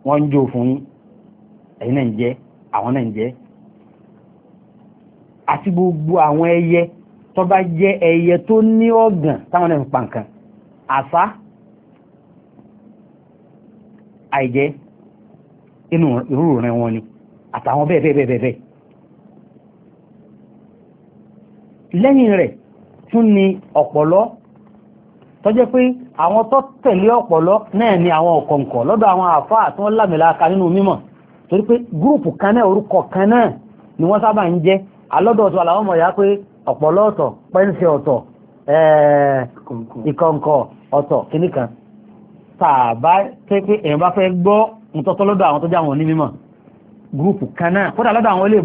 wọ́n ń jó fún yín ẹ̀yin náà ń jẹ àwọn náà ń jẹ àti gbogbo àwọn ẹyẹ tó bá jẹ ẹyẹ tó ní ọ̀gàn táwọn náà pa nǹkan àṣá àìjẹ inú ìrúrò rẹ wọn ni àtàwọn bẹ́ẹ̀ bẹ́ẹ̀ bẹ́ẹ̀ bẹ́ẹ̀ lẹ́yìn rẹ̀ tún ni ọ̀pọ̀lọ́ tó jẹ́ pé àwọn tó tẹ̀lé ọ̀pọ̀lọ́ náà ni àwọn ọ̀kọ̀ǹkọ̀ lọ́dọ̀ àwọn àfáà tí wọ́n lámìlaka nínú mímọ̀ torí pé gúrùpù kan náà orúkọ kan náà ni wọ́n sábà ń jẹ́ alọ́dọ̀ọ̀tọ̀ làwọn ọmọ ìyá pé ọ̀pọ̀lọ́ ọ̀tọ̀ pẹ́ńsì ọ̀tọ̀ ìkọ̀ǹkọ̀ ọ̀tọ̀ kìnnìkan tàbá tẹ́ pé èèyàn bá fẹ́ gbọ́ ntọ́tọ́ lọ́dọ̀ àwọn tó jẹ́ àwọn onímọ̀ gúrùpù kan náà kódà lọ́dọ̀ àwọn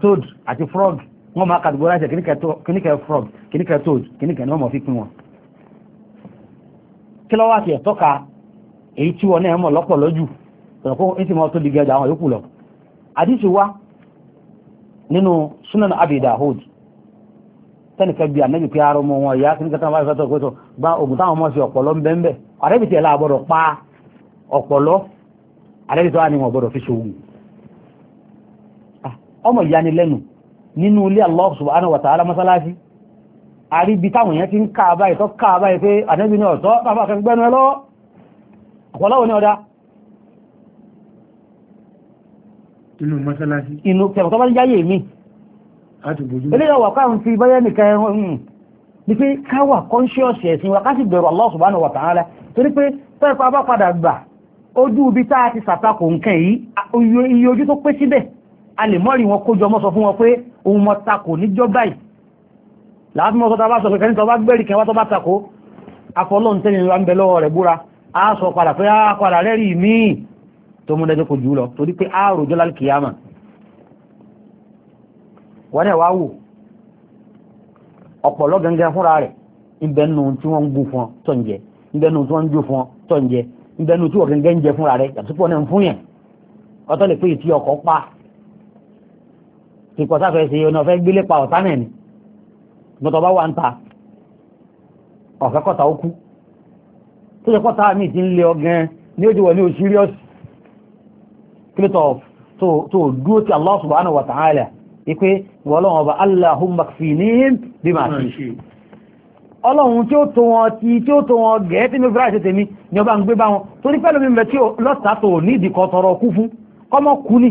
toad àti frog wọ́n máa categorize kìníkà frog kìníkà toad kìníkà ni wọ́n mọ̀ fi pín wọn kí lọ́wọ́ àti ẹ̀tọ́ka èyí tí wọ́n náà mọ̀ lọ́pọ̀ lọ́jù tọ̀kọ́ ìsì mọ́ tó dìgẹ́ àwọn yòókù lọ àdísì wá nínú sunan abi dahud tẹ́nìkẹ́ bí ànẹ́bì pé arọ mọ́ wọn ìyá kìníkà táwọn bá fẹ́ tọ́ pé tọ́ gba oògùn táwọn mọ́ sí ọ̀pọ̀lọ́ ń bẹ́ńbẹ́ àrẹ́bì tí ẹ̀lá àbọ̀dọ̀ pa ọ̀pọ̀lọ́ àrẹ́bì tó wà ní wọn ọ̀bọ̀dọ̀ fi ṣòwò ah, ọmọ ìyanilẹ́nu nínú ilé Allah subhanahu wa ta'ala masalasi àríbi táwọn èèyàn ti ń káàbá ìtọ́ káàbá ìpé ànẹ́bí ní ọ̀tọ́ pàpà kan gbẹ́nu ẹ lọ́wọ́ ọ̀pọ̀lọ́wọ́ ní ọ̀dá inú masalasi inú kẹfẹ́ tó bá jáyé mi ilé ọwà káàrùn fi báyẹ́ nìkan hmm, ní pé káwà conscious ẹ̀sìn wa ká sì bẹ̀rù Allah subhanahu wa ta'ala torí pé pẹ́ẹ̀pá bá padà gbà ojú ibi tá a ti sàtakò nǹkan yìí iye ojú tó pé síbẹ̀ a lè mọ́rin wọn kójọ mọ́ sọ fún wọn pé ohun mọ́ takò níjọ́ báyìí láti mọ́ sọ́ta bá sọ pé kẹ́ni tó bá gbẹ̀rì kẹwàá tó bá takò afọlọ́n tẹ́ni wa ń bẹ lọ́wọ́ rẹ̀ búra a sọ padà pé a ah, padà rẹ́rì míì tó mú lẹ́jọ́ kò jù lọ torí pé a rò jọ́lá kìyàmà wọ́n náà wá wò ọ̀pọ̀lọ́ gẹ́gẹ́ fúnra rẹ̀ ìbẹ̀nù tí wọ́n ń gún fún ọ tó ń jẹ ìbẹ̀nù tí wọ́n ń jó fún ọ tó ń jẹ ìbẹ̀nù tí wọ́n gẹ́gẹ́ ń jẹ fúnra rẹ̀ yàtúpọ̀ náà ń fún yẹn ọtọ́ lè pé ìtí ọkọ̀ pa kíkọ́ sáfẹ́ sí ọ̀nà ọ̀fẹ́ gbélé pa ọ̀tá náà ni gbọ́tọ̀ bá wà ń ta ọ̀fẹ́ kọ́ta ó kú tó jẹ́ kọ́ta mi ti ń lé ọgán ní ojú wọ̀ ní o serious kílítọ̀ tó dúó ti Allah subhanahu wa ta'ala ipé ìwọlọ́wọ̀n ọba Allahumma kfinihim bima fi ọlọ́run tí ó tó wọn ti tí ó tó wọn gẹ̀ẹ́ tí mi fúráì tètè mi ni ọba ń gbé bá wọn torí pẹ́lú mi mẹ́ tí lọ́sàtò nídìí kan tọrọ kú fún kọ́mọ́ kú ni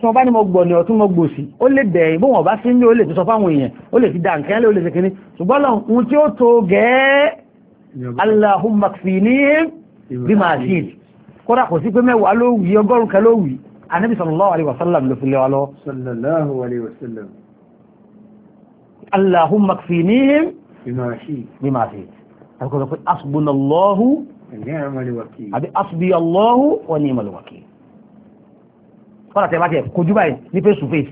tí wọ́n bá ní mo gbọ̀ ní ọ̀tún mo gbòsì ó lè bẹ̀ẹ̀ bó wọ́n bá sí ní ó lè tó sọ fáwọn èèyàn ó lè fi dá nǹkan lé ó lè ṣe kínní ṣùgbọ́n lọ ohun tí ó tó gẹ́ẹ́ Allahumma kfini bima asid kódà kò sí pé mẹ́wàá ló wí ọgọ́rùn-ún kan ló wí anabi sallallahu alaihi wasallam ló kọ́nà tẹ́ bá tẹ̀ kojú báyìí ní face to face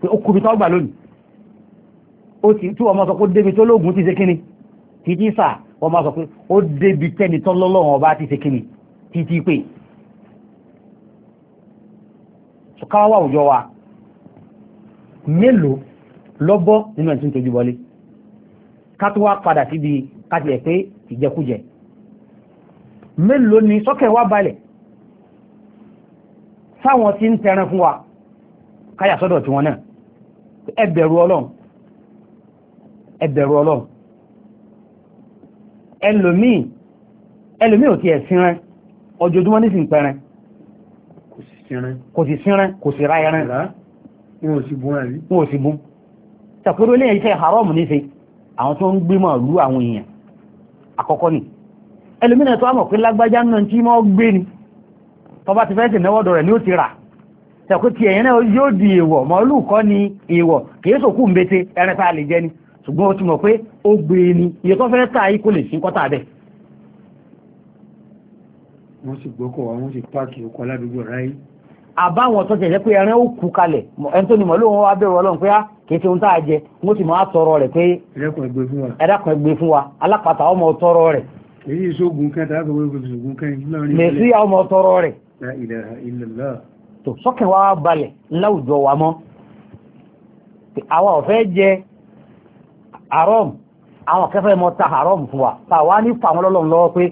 pé ó kubi tó gbà lónìí ó ti tí ọmọ sọ pé ó débi tó lóògùn ti ṣe kíni títí sà ọmọ sọ pé ó débi tẹ́ni tó lọ́lọ́run ọba ti ṣe kíni títí pé káwá àwùjọ wa mélòó lọ́bọ́ nínú ẹ̀sìn tójú bọlé ká tó wá padà síbi ká tiẹ̀ pé ìjẹkújẹ mélòó ni sọ́kẹ̀ wá balẹ̀ sáwọn tí ń tẹran fún wa káyà sọ́dọ̀ tí wọ́n náà ẹ bẹ̀rù Ọlọ́run ẹ bẹ̀rù Ọlọ́run ẹlòmíì ẹlòmíì ò ti ẹ̀ sínrẹ́ ọjọ́júmọ́ ní sì ń pẹrẹ kò sì sínrẹ́ kò sì ráyẹ rẹ̀ ò sì bún ṣàpérò ilé iṣẹ́ haram níṣe àwọn tó ń gbé lú àwọn èèyàn àkọ́kọ́ ni ẹlòmíì náà tó àmọ̀ pé lágbájá náà tí wọ́n gbé ni tọba ti fẹ́ẹ́ sì rẹ̀ ni ó ti rà tẹ̀kú ti náà yóò di èèwọ̀ kọ́ ni èèwọ̀ kìí sòkú mbete ẹran tá a lè jẹ ni ṣùgbọ́n o ti mọ̀ pé ó gbé ni iye tó ta yìí kò lè kọ́tà bẹ́ẹ̀. wọ́n sì gbọ́kọ̀ wá wọ́n sì páàkì ọkọ̀ aládùúgbò ráyé. àbáwọn tó pé ẹran ó kú kalẹ̀ ẹni tó ni màálù wọn wá bẹ̀rù ọlọ́run pé á ah, ṣe ohun a jẹ wọ́n sì tọrọ rẹ̀ pé ọmọ tọrọ rẹ̀ la ilaha illallah tó sọ́kẹ̀ wá balẹ̀ láwùjọ wa mọ́ àwọn ọ̀fẹ́ jẹ haram àwọn kẹfẹ́ mọ́ ta haram fún wa ta wá ní fàwọn ọlọ́run lọ́wọ́ pé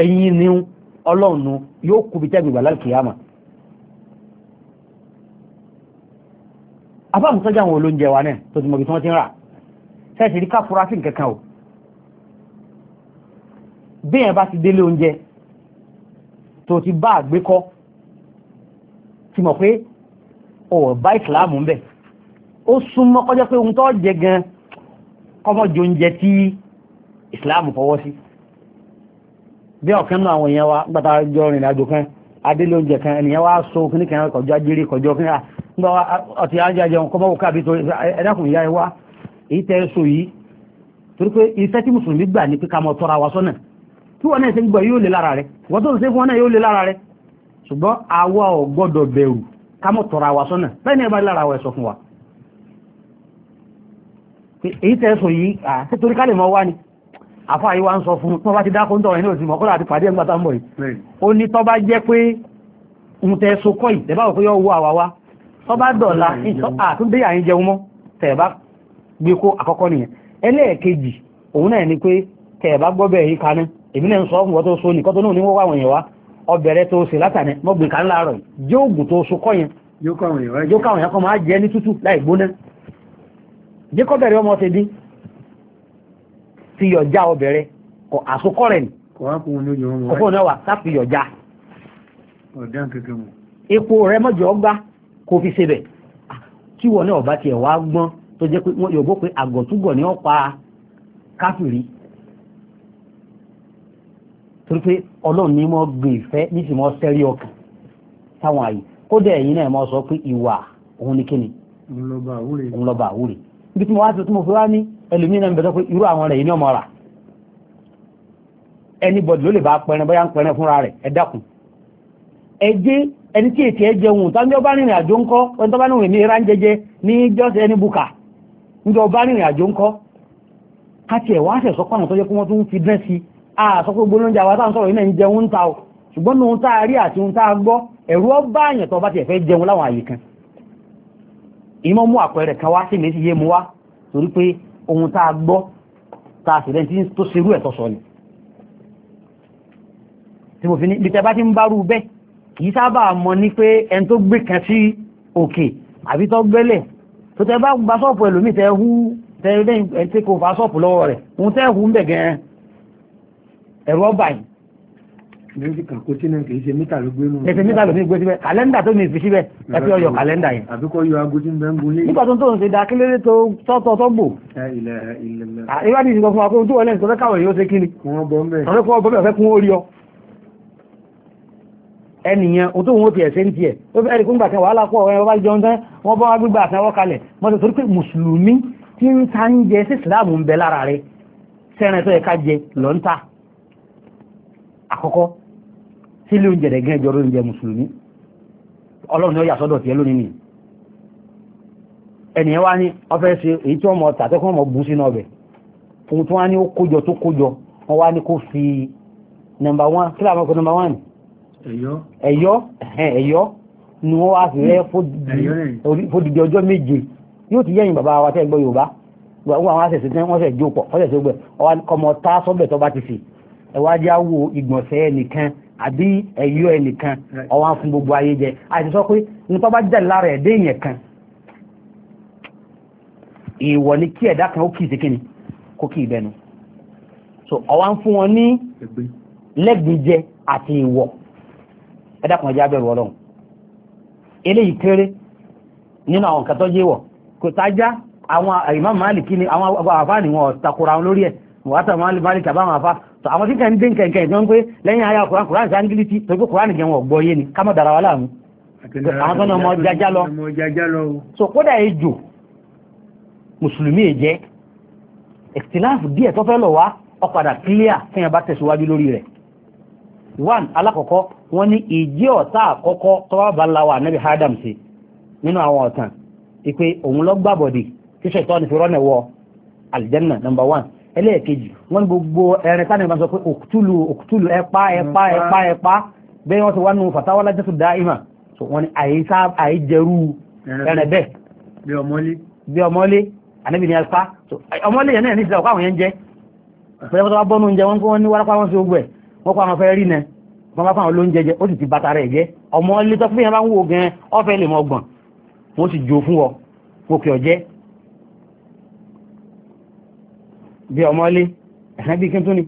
ẹ̀yin ni ọlọ́run yóò kúbi tẹ́gbìgbà lálùkìyàmà afáàmù sọ́jà àwọn olóúnjẹ wa náà tó ti mọ̀ bí tí wọ́n ti ń rà ti mọ̀ pé ọ̀ bá ìsìláàmù ń bẹ̀ ó súnmọ́ kọjá pé ohun tó jẹ gan kọmọjọ oúnjẹ tí ìsìláàmù fọwọ́ sí bí ọ̀kan náà àwọn èèyàn wa gbàtà jọ rìnrìn àjò kan adélé oúnjẹ kan ènìyàn wa so kíní kan kọjọ ajéré kọjọ kíní à nígbà wa ọtí ajájẹ ohun kọmọwò káàbí tó ẹdákùn ìyá ẹ èyí tẹ so yìí torí pé iṣẹ́ tí mùsùlùmí gbà ní pé ká mọ tọ́ra wa sọ́nà tí wọn náà ṣe ń gbọ́ yóò lè lára rẹ̀ wọ́n tó ń ṣe fún wọn náà yóò lè lára rẹ̀ ṣùgbọ́n àwa ò gbọ́dọ̀ bẹ̀rù kámọ̀ tọ̀rọ àwa sọ́nà bẹ́ẹ̀ ni ẹ lára àwa ẹ̀sọ fún wa èyí tẹ́sọ yìí àtẹ́torí ká lè mọ́ wá ni àfá àyíwá ń sọ fún tó bá ti dákó ń tọrọ inú òsì mọ̀kọ́lá àti pàdé ẹgbàtà mọ̀ yìí ó ní tó bá jẹ́ pé ń tẹ́sọ kọ́ yìí tẹ́bá òkú yóò wọ àwa wá tó bá dọ̀la èmi náà ń sọ fún wọ́n tó so nìkan tó náà ní wọ́n wà wọ̀nyẹn ọbẹ̀rẹ̀ tó ṣe látàní mọ́gbìn kan láàárọ̀ jẹ́ ògùn tó so kọ́yìn yóò káwọn yẹn kọ́ máa jẹ́ ní tútù láì gbóná jẹ́ kọ́bẹ̀rẹ̀ ọmọ ti dín fi yọjá ọbẹ̀rẹ̀ kọ rẹ̀ ni ọkọ̀ náà wà epo rẹ̀ mọ́jọ ọgbá kò fi ṣe bẹ̀ ah, kí wọn náà ọba tiẹ̀ wá gbọ́n tó jẹ́ torí pé ọlọ́run ní mọ́ gbé ìfẹ́ ní sì mọ́ sẹ́rí ọkàn táwọn àyè kódà ẹ̀yin náà mọ́ sọ pé ìwà òun kíni ti tún ní ẹlòmíín náà ń bẹ̀rẹ̀ pé irú àwọn rẹ̀ yìí ní ọmọ rà ló lè bá pẹrin ẹ dákun ẹ ẹni tí ètì ẹ jẹun rìnrìn àjò ẹni tó bá rìnrìn ní jẹjẹ ní àsọ́kò gbólóúnjẹ àwọn táwọn sọ̀rọ̀ iná ń jẹun ń ta o ṣùgbọ́n ní ohun tá a rí àti ohun tá a gbọ́ ẹ̀rú ọba àyàn tó bá ti ẹ̀fẹ́ jẹun láwọn àyè kan ìmọ̀ mú àpẹẹrẹ kan wá sí mi sí yé mu wá torí pé ohun tá a gbọ́ tá a sì rẹ́ni tó ṣerú ẹ̀ tọ́sọ ni tí mo fi ní bíta bá ti ń bárú bẹ́ẹ̀ kì í sábà mọ ní pé ẹni tó gbé kan sí òkè àbí tó gbẹ́lẹ̀ tó tẹ bá gba sọ́ọ̀pù ẹlòmíì tẹ hú tẹ lẹ́yìn ẹni tí kò fa sọ́ọ̀pù lọ́wọ́ rẹ̀ òun tẹ́ hú ń bẹ̀ gan-an ẹ̀rọ báyìí. lẹ́yìn tí kàkó tí náà kì í ṣe mítà ló gbé nù. èsì mítà ló fi gbé síbẹ̀ kàlẹ́ndà tó mi fi síbẹ̀ ẹ fi ọyọ kàlẹ́ndà yẹn. àbí kò yọ aago tí ń bẹ́ ń gunlé. nígbà tó ń tó ń ṣe da kílérè tó tọ́tọ́ tó gbò. ìwádìí ìṣègùn fún wa pé ojú wọlé nǹkan fẹ́ káwọn èèyàn ṣe kí ni. wọ́n bọ́ mẹ́. àwọn ẹ̀kọ́ bọ́mẹ̀ fẹ́ kún orí ọ ẹnìyàn o tó wọn ti ẹ̀ṣẹ́ ń tiẹ̀ ó fẹ́ ẹ̀rí fún gbàtẹ́ wàhálà pọ̀ ẹ̀ bá jẹun tán wọ́n bá wá gbígbà àtàwọ́ kalẹ̀ mọ́tò torí pé mùsùlùmí tí ń ta ń jẹ sí ìsìláàmù ń bẹ lára rẹ̀ sẹ́rin tó yẹ ká jẹ lọ́ntà àkọ́kọ́ sílé oúnjẹ rẹ̀ gẹ́ẹ̀jọ oúnjẹ mùsùlùmí ọlọ́run yóò yàsọ́dọ̀ tiẹ̀ lónìí nìyí ẹnìyẹn wá ní ọfẹ́ ṣe èyí tí wọ́n mọ̀ tàbí kí wọ́n mọ̀ bú sínú ọbẹ̀ ohun tí wọ́n ní ó kójọ tó kójọ wọ́n wá ní kó fi nọmba wán kí làwọn ọkọ̀ nọmba wán ni ẹ̀yọ́ ẹ̀yọ́ ni wọ́n wá fi rẹ́ fódìdí ọjọ́ méje yóò ti yẹ́yìn bàbá wa tẹ́ gbọ́ Yorùbá wọ́n àwọn àṣẹ̀ṣẹ̀ tí wọ́n ṣẹ̀ jó pọ̀ wọ́n ṣẹ̀ ṣe ọmọ tá sọ́bẹ̀ tó bá ti fi ẹ̀wájú àwò ìgbọ̀nsẹ̀ ẹnìkan àbí ẹ̀yọ́ ẹnìkan ọwọ́n fún gbogbo ayé jẹ àti sọ pé nípa bá jáde lára ẹ̀dẹ́ èèyàn kan èèwọ̀ ni kí ẹ̀dá kan ó kì í sí kíni kó kì í bẹnu so ọwọ́n fún wọn ní lẹ́gbẹ̀jẹ àti ìwọ̀ ẹ̀dá kan jẹ́ abẹ́rù ọlọ́run eléyìí kéré nínú àwọn nǹkan tó yé kò tájá àwọn Imam Malik ni àwọn àbáàní wọn takora wọn lórí ẹ̀ wọ́n á tàbí Malik àbáwọn àfá so àwọn tí kàn dé nǹkan nǹkan ìgbọ́n pé lẹ́yìn ayá kùrán kùrán sí ángílítì tó pé kùrán nìkan wọ̀ yé ni ká mọ̀ dára wa láàmú àwọn tó ní ọmọ jajá lọ so kódà ejò mùsùlùmí èjẹ́ ìtìláàfù díẹ̀ tó fẹ́ lọ wá ọ̀padà clear tí yẹn bá tẹ̀síwájú lórí rẹ̀ one alákọ̀ọ́kọ́ wọ́n ní ìjẹ́ ọ̀tá àkọ́kọ́ tó bá bá lawa níbi Adam sí nínú àwọn ọ̀tàn ìpè òun lọ gbàbọ̀dì tíṣẹ̀ ni ní fi rọ́nà wọ àlìjẹ́nà number one ẹlẹ́ẹ̀kejì wọ́n ní gbogbo ẹ̀rin tánà ìbá sọ pé òkútùlù òkútùlù ẹ̀pá ẹ̀pá ẹ̀pá ẹ̀pá bẹ́ẹ̀ wọ́n ti wá nù fàtàwọ́ lájẹ́sù dáìmà wọ́n ní àìjẹrú ẹ̀rẹ̀ bẹ́ẹ̀ bí ọmọlé ànábì ní ẹ̀pá ọmọlé yẹn náà ní ìsìlẹ̀ ọ̀pá àwọn yẹn jẹ́ fẹ́rẹ́ wọ́n bọ́nu oúnjẹ wọn kó wọ́n ní wárápá wọn sí ogun ẹ̀ wọ́n kó àwọn fẹ́ rí nẹ wọ́n bá fún àwọn lóúnjẹ jẹ ó sì ti bàtà rẹ̀ jẹ́ ọmọlé tó fún yẹn bá ń wò gan ọ̀fẹ́ lè mọ ọgbọ̀n wọ́n sì jò fún ọ wọ́n kì ọ jẹ́ bí ọmọlé ẹ̀hán bí kí n tún ni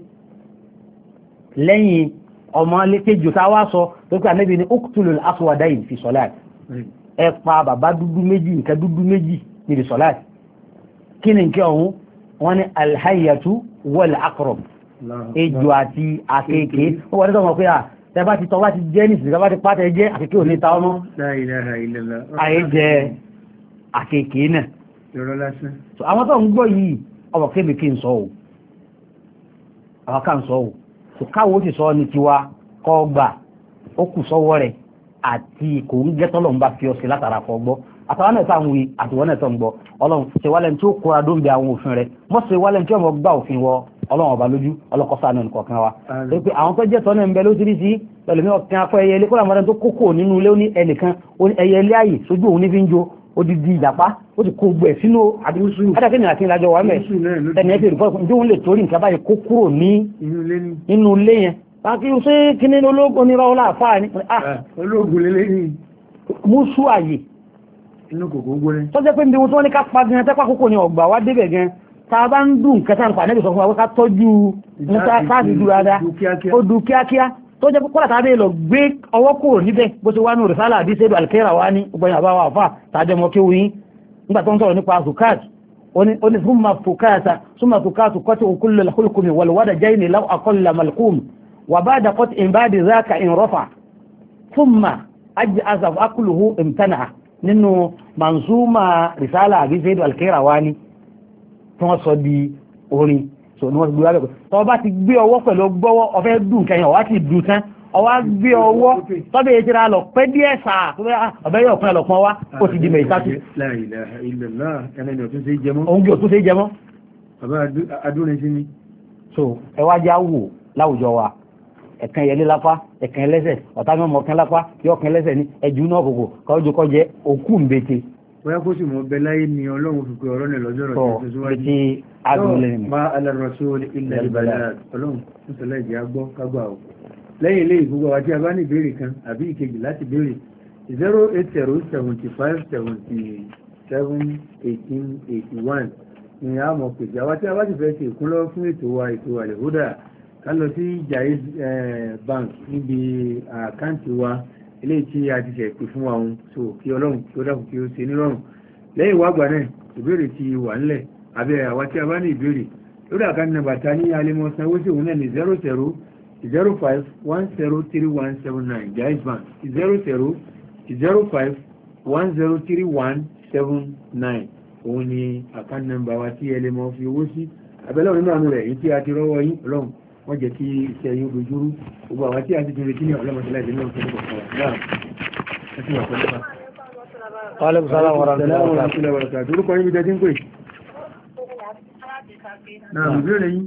lẹ́yìn ọmọlé kéjò tá a wá sọ tó pé ànábì ní uqtulul aswadayn fi salat hmm. ẹ pa bàbá dúdú méjì nǹkan dúdú méjì níbi salat kí ni nǹkan ọ̀hún wọ́n ní alhayatu wal aqrab ejò àti àkekè ó wọlé sọmọ pé à ah, tẹ́bá ti tọ́ bá ti jẹ́ nìsí tẹ́bá ti pàtẹ́ jẹ́ àkekè òní ta ọmọ àyè jẹ àkekè náà àwọn tó ń gbọ́ yìí ọmọ kébì kí n sọ ò àwọn ká n sọ ò tó káwọ́ sì sọ ní tiwa kọ́ gbà ó kù sọ́wọ́ rẹ̀ àti kò ń gẹ́ tọ́lọ̀ ń bá fi ọ̀sẹ̀ látara kọ́ gbọ́ àtàwọn náà sáà ń wí àtìwọ́n náà tó ń gbọ́ ọlọ́run ṣe wálẹ̀ tí ó kóra dó ń bẹ àwọn òfin rẹ̀ mọ́ ṣe wálẹ̀ tí pẹ̀lú mi ọ̀kan akọ ẹyẹ ilé kó làwọn tó kókó nínú ilé ó ní ẹnìkan ẹyẹ ilé ààyè sójú òun ní fi ń jo odidi ìjàpá ó ti kó gbẹ̀ sínú adákẹ́ ìrìnàjò ìrìnàjò wà mẹ́ ẹni ẹ́ ti rí fọ́ọ̀kùn jóun lè torí nǹkan báyìí kó kúrò ní inú ilé yẹn pàkí ṣé kí ní ológun ní rọ́ọ́lá àfáà ní ológun lélẹ́ yìí mú sú àyè inú kòkó gbóre tó jẹ́ pé níbi tó ní ká pa gan tẹ́pá kókò ní ọgbà wá débẹ̀ gan ta bá ń dùn kẹta nípa nẹ́bì sọ fún wa ká tọ́jú nípa káàdì tó jẹ́ kọ́lá tàbí lọ gbé ọwọ́ kúrò níbẹ̀ bó ṣe wá ní òrìsálà àbí ṣe alkera wá ní ọgbọ̀n àbáwà àfà tàjẹ́ mọ́ kí wí nígbà tó ń sọ̀rọ̀ nípa zukat ó ní súnmà fukata súnmà fukatu kọ́tí òkúlù lẹ́kùlùkùmí wàlúwádà jẹ́ ìní láwọ́ akọ́lù malkum wà bá da kọ́tí ìbádi manzuma risala àbí ṣe alkera wá ní di orin so ni wọ́n ti gbé wálẹ̀ tó bá ti gbé ọwọ́ pẹ̀lú gbọ́wọ́ ọ̀fẹ́ dùn kẹyìn ọ̀wá ti dùn tán ọwá gbé ọwọ́ tọ́bẹ̀ ètí ra lọ pẹ́ díẹ̀ sáà ah, ọ̀bẹ́ yóò pín ọlọ́pọ̀ wá ó ti dìmẹ̀ ìsáàtì. òun bí òtún ṣe jẹ mọ́. so ẹ wá já wò láwùjọ wa ẹ̀kan yẹlé lápá ẹ̀kan ẹlẹ́sẹ̀ ọ̀tá mẹ́mọ̀ ọ̀kan lápá yọ̀ọ̀kan ẹlẹ́sẹ̀ ni ẹ̀jú náà kòkò kọ́jú kọ́jẹ́ òkú ń bete bóyá kó sì mọ̀ bẹ láyé ni ọlọ́run fi pé ọ̀rọ̀ náà lọ́jọ́ rẹ̀ tó síwájú. bí agbóhùnlé ni. máa alárọ̀sọ́ ilẹ̀ ìbàdàn ọlọ́run ń lẹ́yìn ilé ìfowópamọ́ àti abá ìbéèrè kan àbí ìkejì láti béèrè zero eight zero seventy five seventy seven eighteen eighty one ni a mọ̀ pèsè àwa tí a bá ti fẹ́ ṣe ìkúnlọ́ fún ètò wa ètò àlèhódà ká lọ sí Jaiz eh, bank níbi àkáǹtì wa 0244 eléyìí tí a ti ṣe pè fún wa òun so kí ọlọ́run kí ó dákun kí ó ṣe nírọ̀rùn lẹ́yìn wàgbà náà ìbéèrè ti wà ńlẹ̀ abẹ́ àwa tí a bá ní ìbéèrè lórí àkáǹtì nàbà ta ní alẹ́mọ̀ sanwó sí òun náà ní zero zero zero five one zero three one seven nine Jaiz Bank zero zero zero five one zero three one seven nine òun ni àkáǹtì nàbà wa tí ẹlẹ́mọ̀ fi owó sí abẹ́lẹ́ òun nínú àánú rẹ̀ èyí tí a ti rọ́wọ́ yín ọlọ́run wọ́n jẹ́ kí iṣẹ́ yóò dojúrú gbogbo àwọn tí a ti dúró kí ní ọ̀lẹ́mọ̀tẹ́lá ìdílé ọ̀sẹ̀ nípa fún wa náà ẹ sì wà pẹ̀lú wa. Wàhálà sálà wàrà nílẹ̀ wàrà sálà dúró kọ́ yín bí dẹ́tí